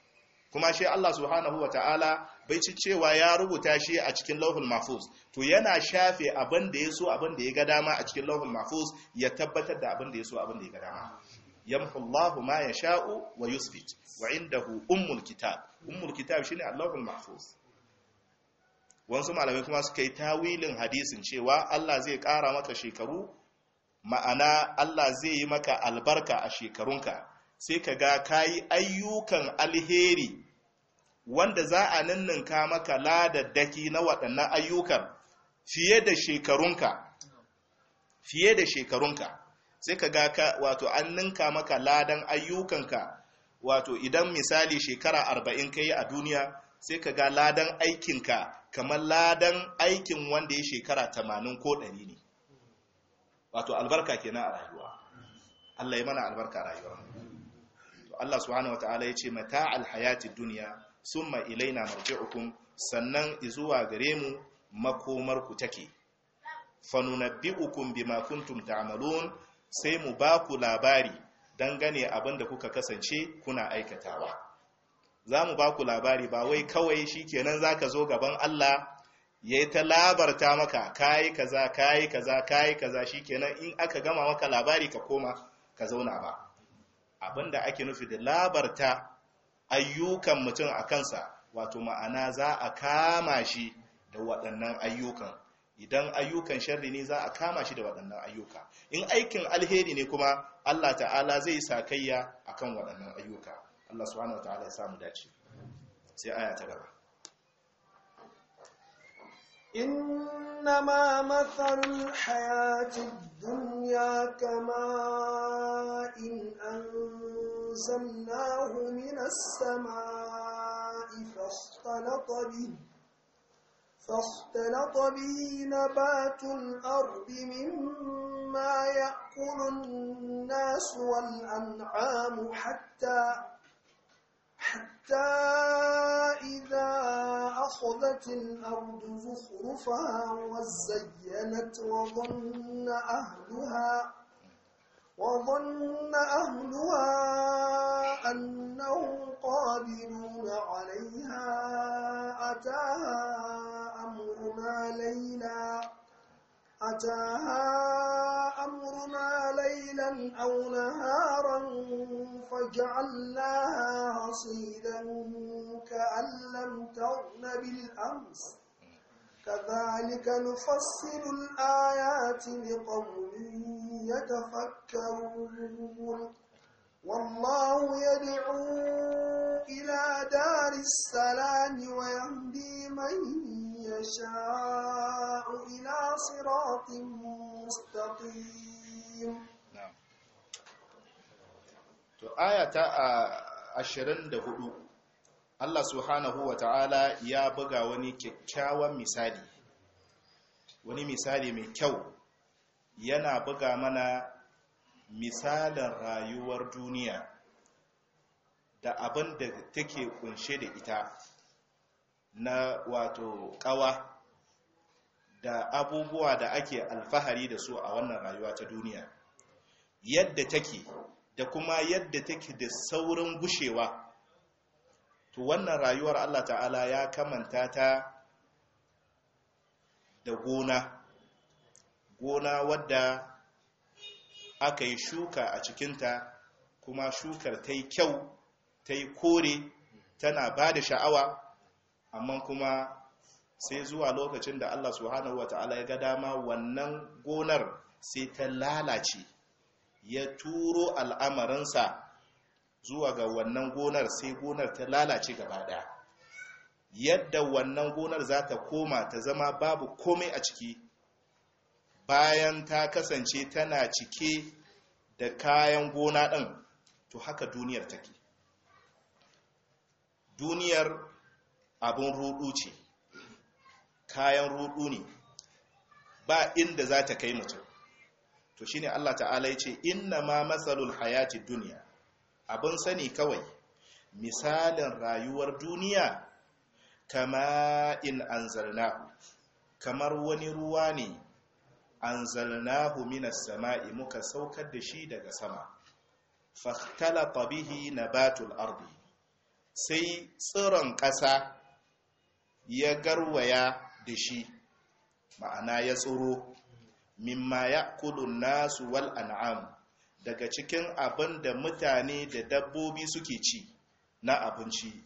kuma shi Allah subhanahu wa ta'ala ci cewa ya rubuta shi a cikin lauhul mahfuz to yana shafe abin da ya so abin da ya ga dama a cikin lauhul mahfuz ya tabbatar da abin da ya so abin da ya ga dama yamhu Allahu ma yasha'u wa yusbit wa indahu ummul kitab ummul kitab shine lauhul mahfuz wasu malamai kuma suka yi tawilin hadisin cewa Allah zai kara maka shekaru ma'ana Allah zai yi maka albarka a shekarunka sai ka ga kayi ayyukan alheri wanda za a ninninka maka ladaddaki na waɗannan ayyukan fiye da shekarunka fiye da shekarunka sai ka ga ka wato an ninka maka ladan ayyukanka wato idan misali shekara arba'in ka yi a duniya sai ka ga ladan aikinka kamar ladan aikin wanda ya shekara tamanin ko ɗari ne wato albarka kenan a rayuwa Allah ya mana albarka a rayuwa Allah subhanahu Ta'ala ya ce mata alhayati duniya summa ilaina marji'ukum sannan izuwa gare mu makomar ku take fanunabbi'ukum bima kuntum ta'malun sai mu ba ku labari dangane abin da kuka kasance kuna aikatawa za mu ba ku labari ba wai kawai shikenan zaka zo gaban Allah yayi ta labarta maka kayi kaza kayi kaza kayi kaza shikenan in aka gama maka labari ka koma ka zauna ba abinda ake nufi da labarta ayyukan mutum a kansa wato ma'ana za a kama shi da waɗannan ayyukan idan ayyukan sharri ne za a kama shi da waɗannan ayyuka in aikin alheri ne kuma Allah ta'ala zai sa a kan waɗannan ayyuka Allah subhanahu Ta'ala ya samu dace sai aya ta gaba matsarin hayatun duniya kama in an أنزلناه من السماء فاختلط به فاختلط به نبات الأرض مما يأكل الناس والأنعام حتى حتى إذا أخذت الأرض زخرفها وزينت وظن أهلها وظن أهلها قادرون عليها أتاها أمرنا ليلا أتاها أمرنا ليلا أو نهارا فجعلناها حصيدا كأن لم تغن بالأمس كذلك نفصل الآيات لقوم يتفكرون والله يدعو إلى دار السلام ويهدي من يشاء إلى صراط مستقيم نعم آية ashirin da hudu Allah subhanahu wa ta'ala ya buga wani kyakkyawan misali wani misali mai kyau yana buga mana misalin rayuwar duniya da abin da take kunshe da ita na wato kawa da abubuwa da ake alfahari da su a wannan rayuwa ta duniya yadda take da kuma yadda take da saurin gushewa to wannan rayuwar Allah ta'ala ya kamanta ta da gona gona wadda aka yi shuka a cikinta kuma shukar ta yi kyau ta yi kore tana ba da sha'awa amma kuma sai zuwa lokacin da Allah subhanahu wa ta'ala ya ga dama wannan gonar sai ta lalace ya turo al'amarinsa zuwa ga wannan gonar sai gonar ta lalace gaba ɗaya yadda wannan gonar za ta koma ta zama babu komai a ciki bayan ta kasance tana cike da kayan gona ɗin to haka duniyar take duniyar abun rudu ce kayan rudu ne ba inda za ta kai mutum to shine Allah ta'ala ya ce inna ma matsalul hayati duniya abin sani kawai misalin rayuwar duniya kama in anzalnahu kamar wani ruwa ne anzalnahu minas sama'i muka saukar da shi daga sama fahtalata bihi nabatul ardi sai tsiron ƙasa ya garwaya da shi ma'ana ya tsiro mimma ya kudun nasu wal an'am daga cikin abin da mutane da dabbobi suke ci na abinci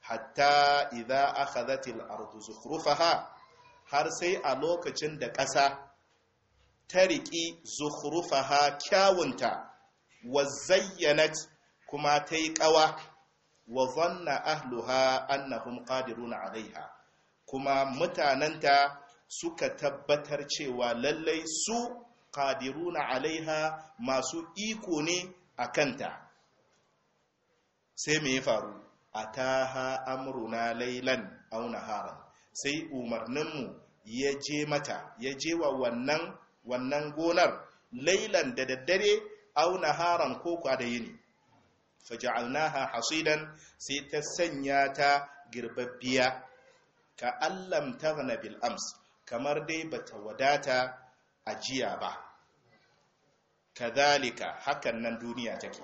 hatta idza akhadhatil ardu zukhrufaha har sai a lokacin da ƙasa ta riƙi zukhrufaha kyawunta wa zayyanat kuma ta yi ƙawa wa zanna ahluha annahum qadiruna alaiha kuma mutananta suka tabbatar cewa lallai su qadiruna alaiha masu iko ne a kanta sai mai faru ataha amruna laylan aw naharan sai umarninmu ya je mata ya je wa wannan wannan gonar lailan da daddare Auna naharan ko kwa yini faja'alnaha hasidan sai ta sanya ta girbabbiya ka allam taghna bil ams kamar dai bata wadata ajiya ba kadhalika hakan nan duniya take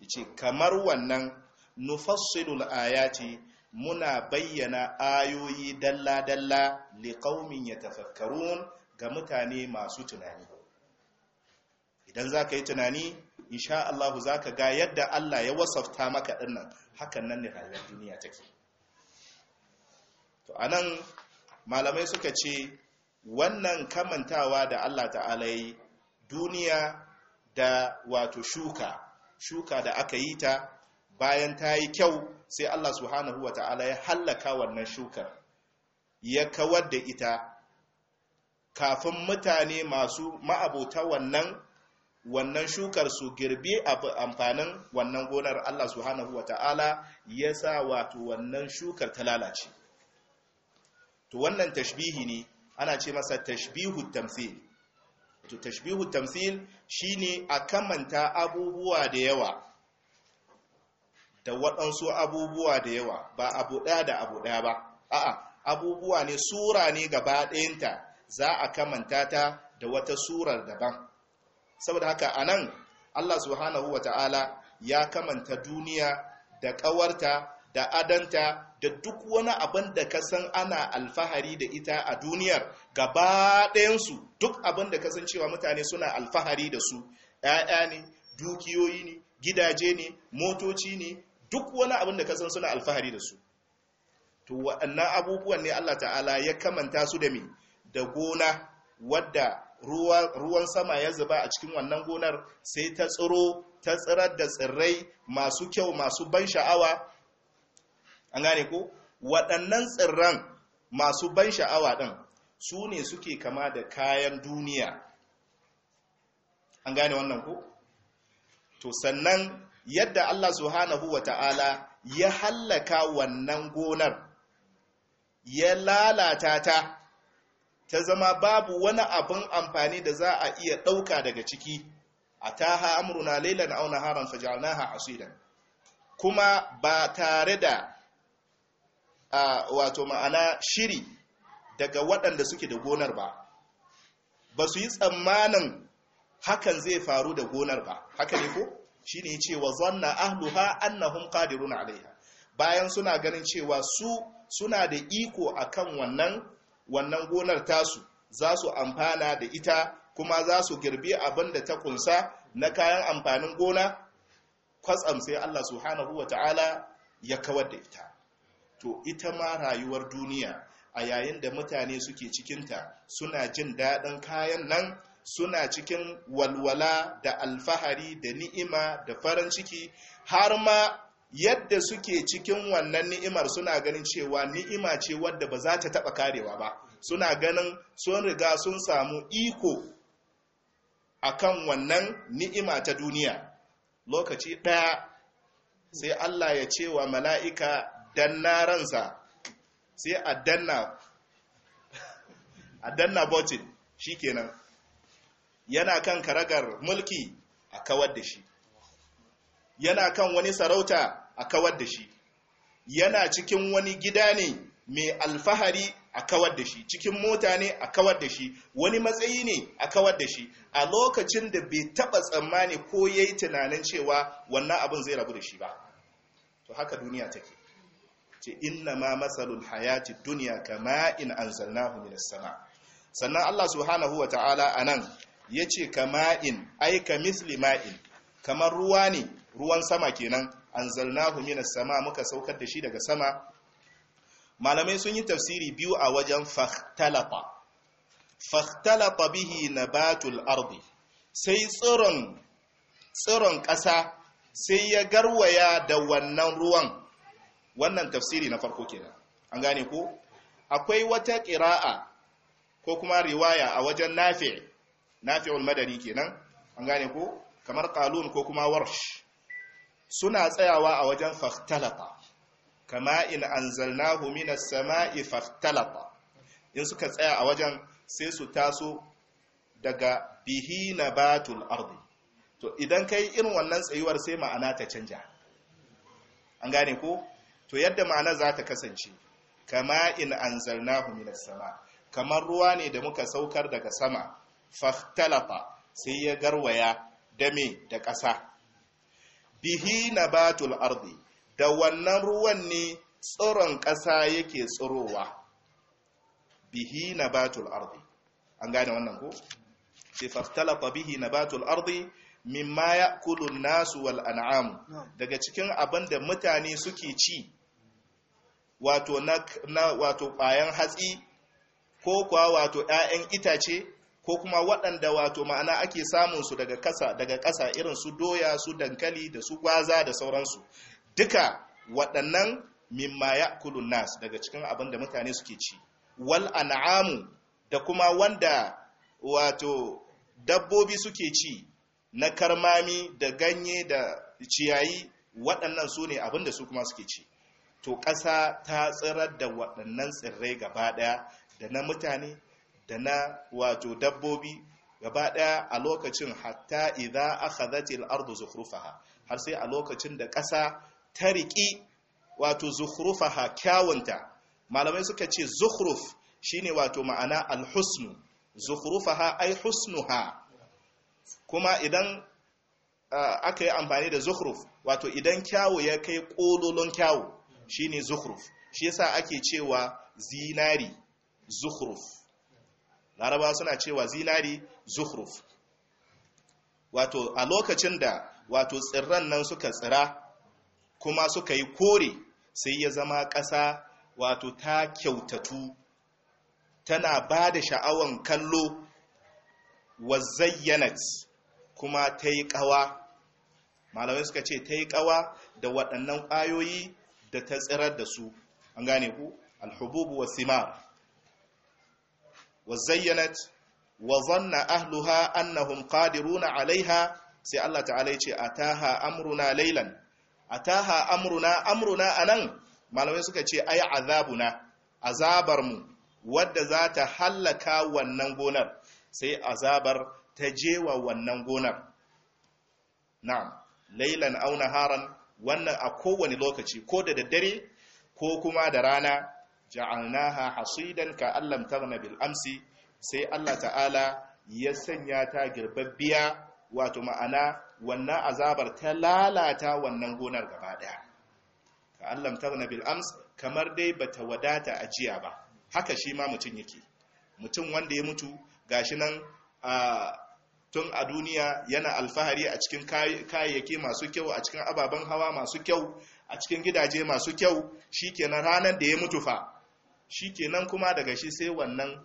yace kamar wannan nufassilul ayati muna bayyana ayoyi dalla-dalla kaumin ya tafakkarun ga mutane masu tunani idan za ka yi tunani insha Allah za ka ga yadda Allah ya wasafta maka ɗinnan hakan nan ne rayuwar duniya take to a nan malamai suka ce wannan kamantawa da Allah ta'ala yi duniya da wato shuka shuka da aka yi ta bayan ta yi kyau sai Allah subhanahu wa ta'ala ya hallaka wannan shukar ya kawar da ita kafin mutane masu ma'abota wannan wannan shukar su girbe amfanin wannan gonar Allah subhanahu wata'ala ya sa wato wannan shukar ta lalace to wannan tashbihi ne ana ce masa tashbihu tamthil to tashbihu tamthil shine a kamanta abubuwa da yawa da waɗansu abubuwa da yawa ba abu ɗaya da abu ɗaya ba a'a abubuwa ne sura ne gaba ɗayanta za a kamanta ta da wata surar daban saboda haka a nan, Allah subhanahu ta'ala ya kamanta duniya da ƙawarta da adanta da duk wani abin da ka san ana alfahari da ita a duniyar gaba ɗayansu duk abin da kasan cewa mutane suna alfahari da su ‘ya'ya ne dukiyoyi ne gidaje ne motoci ne duk wani abin da kasan suna alfahari da su to waɗannan abubuwan ne Allah ta'ala ya kamanta su da mi da gona wadda ruwan sama ya zuba a cikin wannan gonar sai ta tsiro ta tsirar da tsirrai masu kyau masu ban sha'awa an gane ko waɗannan tsirran masu ban sha'awa ɗin su ne suke kama da kayan duniya an gane wannan ko to sannan yadda Allah subhanahu wa ta'ala ya hallaka wannan gonar ya lalata ta ta zama babu wani abin amfani da za a iya ɗauka daga ciki a taha amruna lailan aw naharan a hasidan kuma ba tare da wato ma'ana shiri daga waɗanda suke da gonar ba ba su yi tsammanin hakan zai faru da gonar ba haka ne ko shine ce wa zanna ahluha annahum qadirun alaiha bayan suna ganin cewa su suna da iko akan wannan wannan gonar tasu za su amfana da ita kuma za su girbi abin da ta kunsa na kayan amfanin gona kwatsam sai Allah subhanahu wa ta'ala ya kawar da ita to ita ma rayuwar duniya a yayin da mutane suke cikinta suna jin daɗin kayan nan suna cikin walwala da alfahari da ni'ima da farin ciki har ma yadda suke cikin wannan ni'imar suna ganin cewa ni'ima ce wadda ba za ta taɓa karewa ba suna ganin sun riga sun samu iko akan wannan ni'ima ta duniya lokaci ɗaya sai Allah ya ce wa mala'ika danna ransa sai a danna botin shi kenan yana kan karagar mulki a kawar da shi yana kan wani sarauta a kawar da shi yana cikin wani gida ne mai alfahari a kawar da shi cikin mota ne a kawar da shi wani matsayi ne a kawar da shi a lokacin da bai taba tsammani ko ya yi tunanin cewa wannan abin zai rabu da shi ba to haka duniya take ce inna ma masalul hayati Duniya kama in anzalnahu minas sama sannan Allah subhanahu wa ta'ala a nan ya ce kama in aika misli ma'in kamar ruwa ne ruwan sama kenan anzalnahu minas sama muka saukar da shi daga sama malamai sun yi tafsiri biyu a wajen fahtalafa fahtalafa bihi na batul ardi sai tsiron tsiron ƙasa sai ya garwaya da wannan ruwan wannan tafsiri na farko kenan an gane ko akwai wata ƙira'a ko kuma riwaya a wajen nafi nafi'ul madari kenan an gane ko kamar qalun ko kuma warsh suna tsayawa a wajen fakhtalata kama in anzalnahu minas sama'i fakhtalata in suka tsaya a wajen sai su taso daga bihi na batul ardi to idan kai irin wannan tsayuwar sai ma'ana ta canja an gane ko to yadda ma'ana za ta kasance kama in zalna minas sama kamar ruwa ne da muka saukar daga sama fahtalata sai ya garwaya dame da ƙasa bihi nabatul ardi da wannan ruwan ne tsoron ƙasa yake tsorowa. bihi nabatul ardi an gane wannan ko sai faftalafa bihi nabatul ardi mimma ya'kulu nasu wal an'am daga cikin abin da mutane suke ci wato na wato ƙwayan hatsi ko kuwa wato 'ya'yan itace ko kuma waɗanda wato ma'ana ake samun su daga ƙasa daga ƙasa irin su doya su dankali da su gwaza da sauransu duka waɗannan mimma ya'kulun nas daga cikin abin da mutane suke ci wal an'amu da kuma wanda wato dabbobi suke ci na karmami da ganye da ciyayi waɗannan su ne abin da su kuma suke ci to ƙasa ta tsirar da waɗannan tsirrai gaba ɗaya da na mutane da na wato dabbobi gaba daya a lokacin hatta idza akhadhatil ardu zukhrufaha har sai a lokacin da ƙasa ta riki wato zukhrufaha kyawunta malamai suka ce zukhruf shine wato ma'ana alhusnu zukhrufaha ay husnuha kuma idan aka yi amfani da zukhruf wato idan kyawu ya kai kololon kyawu shine zukhruf shi yasa ake cewa zinari zukhruf laraba suna cewa zinari zuhruf wato a lokacin da wato tsirran nan suka tsira kuma suka yi kore sai ya zama ƙasa wato ta kyautatu tana ba da sha'awan kallo wa zayyanat kuma ta yi ƙawa malamai suka ce ta yi ƙawa da waɗannan ƙwayoyi da ta tsirar da su an gane ku alhububu wa simar wa zayyanat wa zanna ahluha annahum qadiruna alaiha sai Allah ta'ala ya ce ataha amruna laylan ataha amruna amruna anan malamai suka ce ai azabuna azabar mu wadda za ta hallaka wannan gonar sai azabar ta je wa wannan gonar na'am laylan auna haran wannan a kowane lokaci ko da daddare ko kuma da rana ja'alnaha hasidan ka allam tarna bil amsi sai Allah ta'ala ya sanya ta girbabbiya wato ma'ana wannan azabar ta lalata wannan gonar gaba daya ka allam tarna bil ams kamar dai bata wadata a jiya ba haka shi ma mutum yake mutum wanda ya mutu gashi nan tun a duniya yana alfahari a cikin kayayyaki masu kyau a cikin ababen hawa masu kyau a cikin gidaje masu kyau shi kenan ranar da ya mutu fa shi kenan kuma daga shi sai wannan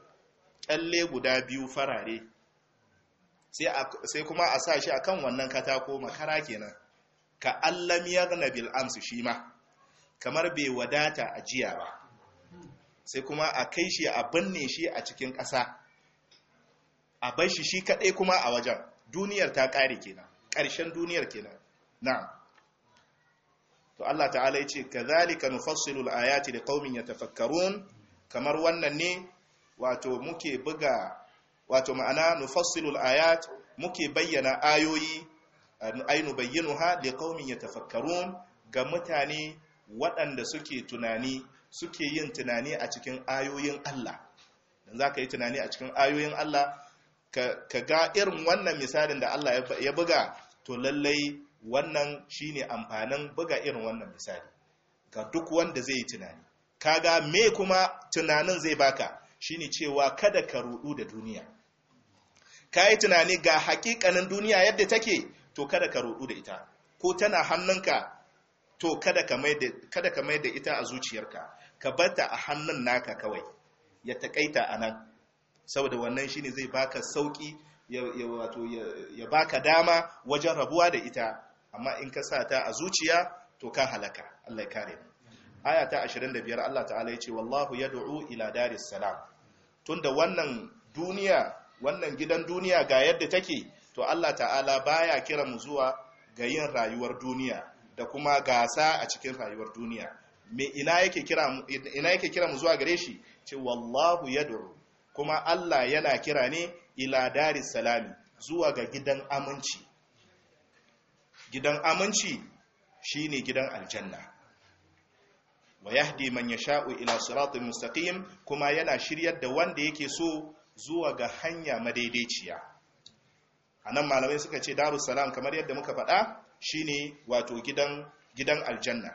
kyalle guda biyu farare sai kuma a sa shi akan wannan katako makara kenan ka allamiyar bil amsu shi ma kamar bai wadata a jiya ba sai kuma a kai shi a binne shi a cikin ƙasa a bai shi shi kaɗai kuma a wajen duniyar ta ƙare kenan ƙarshen duniyar kenan na'am to Allah ta'ala ya ce kadhalika nufassilu al-ayati liqaumin yatafakkarun kamar wannan ne wato muke buga wato ma'ana nufassilu al-ayat muke bayyana ayoyi ainu bayyinuha liqaumin yatafakkarun ga mutane waɗanda suke tunani suke yin tunani a cikin ayoyin Allah dan zaka yi tunani a cikin ayoyin Allah ka ga irin wannan misalin da Allah ya buga to lallai wannan shine amfanin buga irin wannan misali ga duk wanda zai yi tunani kaga me kuma tunanin zai baka shine cewa kada ka rudu da duniya ka yi tunani ga hakikanin duniya yadda take to kada ka rudu da ita ko tana hannunka to kada ka mai da ita a zuciyarka ka barta a hannun naka kawai ya takaita a nan saboda wannan shine zai baka sauki ya baka dama wajen rabuwa da ita amma in ka sa ta a zuciya to ka halaka Allah ya kare aya ta 25 Allah ta'ala ya ce wallahu yad'u ila daris salam tunda wannan duniya wannan gidan duniya ga yadda take to Allah ta'ala baya kira mu zuwa ga yin rayuwar duniya da kuma gasa a cikin rayuwar duniya me ina yake kira mu ina yake kira mu zuwa gare shi ce wallahu yad'u kuma Allah yana kira ne ila daris salami zuwa ga gidan aminci gidan aminci shi ne gidan aljanna wa manya sha'u yasha'u ila suratun mustaqim kuma yana shiryar da wanda yake so zuwa ga hanya madaidaiciya A nan malamai suka ce darussalam kamar yadda muka faɗa Shi ne wato gidan aljanna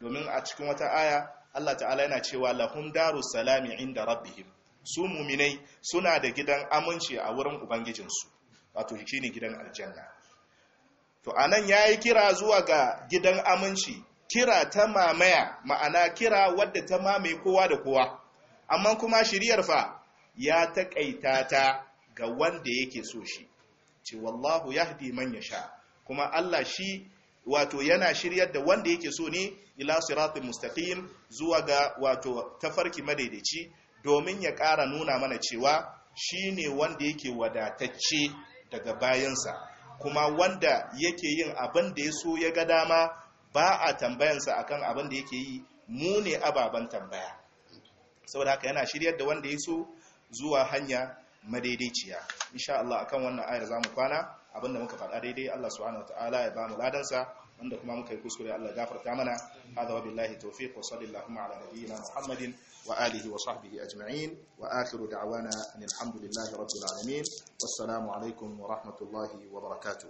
domin a cikin wata aya Allah ta'ala yana cewa lahum darussalami inda rabbihim su muminai suna da gidan aminci a wurin ubangijinsu wato shi ne gidan aljanna to anan ya yi kira zuwa ga gidan aminci kira ta mamaya ma'ana kira wadda ta mamaye kowa da kowa amma kuma shiriyar fa ya taƙaita ta ga wanda yake so shi ce wallahu yahdi man sha. kuma Allah shi wato yana shiryar da wanda yake so ne ila siratul mustaqim zuwa ga wato tafarki madaidaici domin ya ƙara nuna mana cewa shi ne wanda yake wadatacce daga bayansa kuma wanda yake yin abin da ya so ya ga dama ba a tambayansa akan abin da yake yi mu ne ababen tambaya saboda haka yana shiryar da wanda ya so zuwa hanya madaidaiciya insha Allah akan wannan ayar zamu kwana abinda muka faɗa daidai Allah subhanahu wataala ya bamu ladansa wanda kuma muka yi kuskure Allah gafarta mana hada wa billahi tawfiq wa sallallahu ala nabiyyina muhammadin وآله وصحبه أجمعين وآخر دعوانا أن الحمد لله رب العالمين والسلام عليكم ورحمة الله وبركاته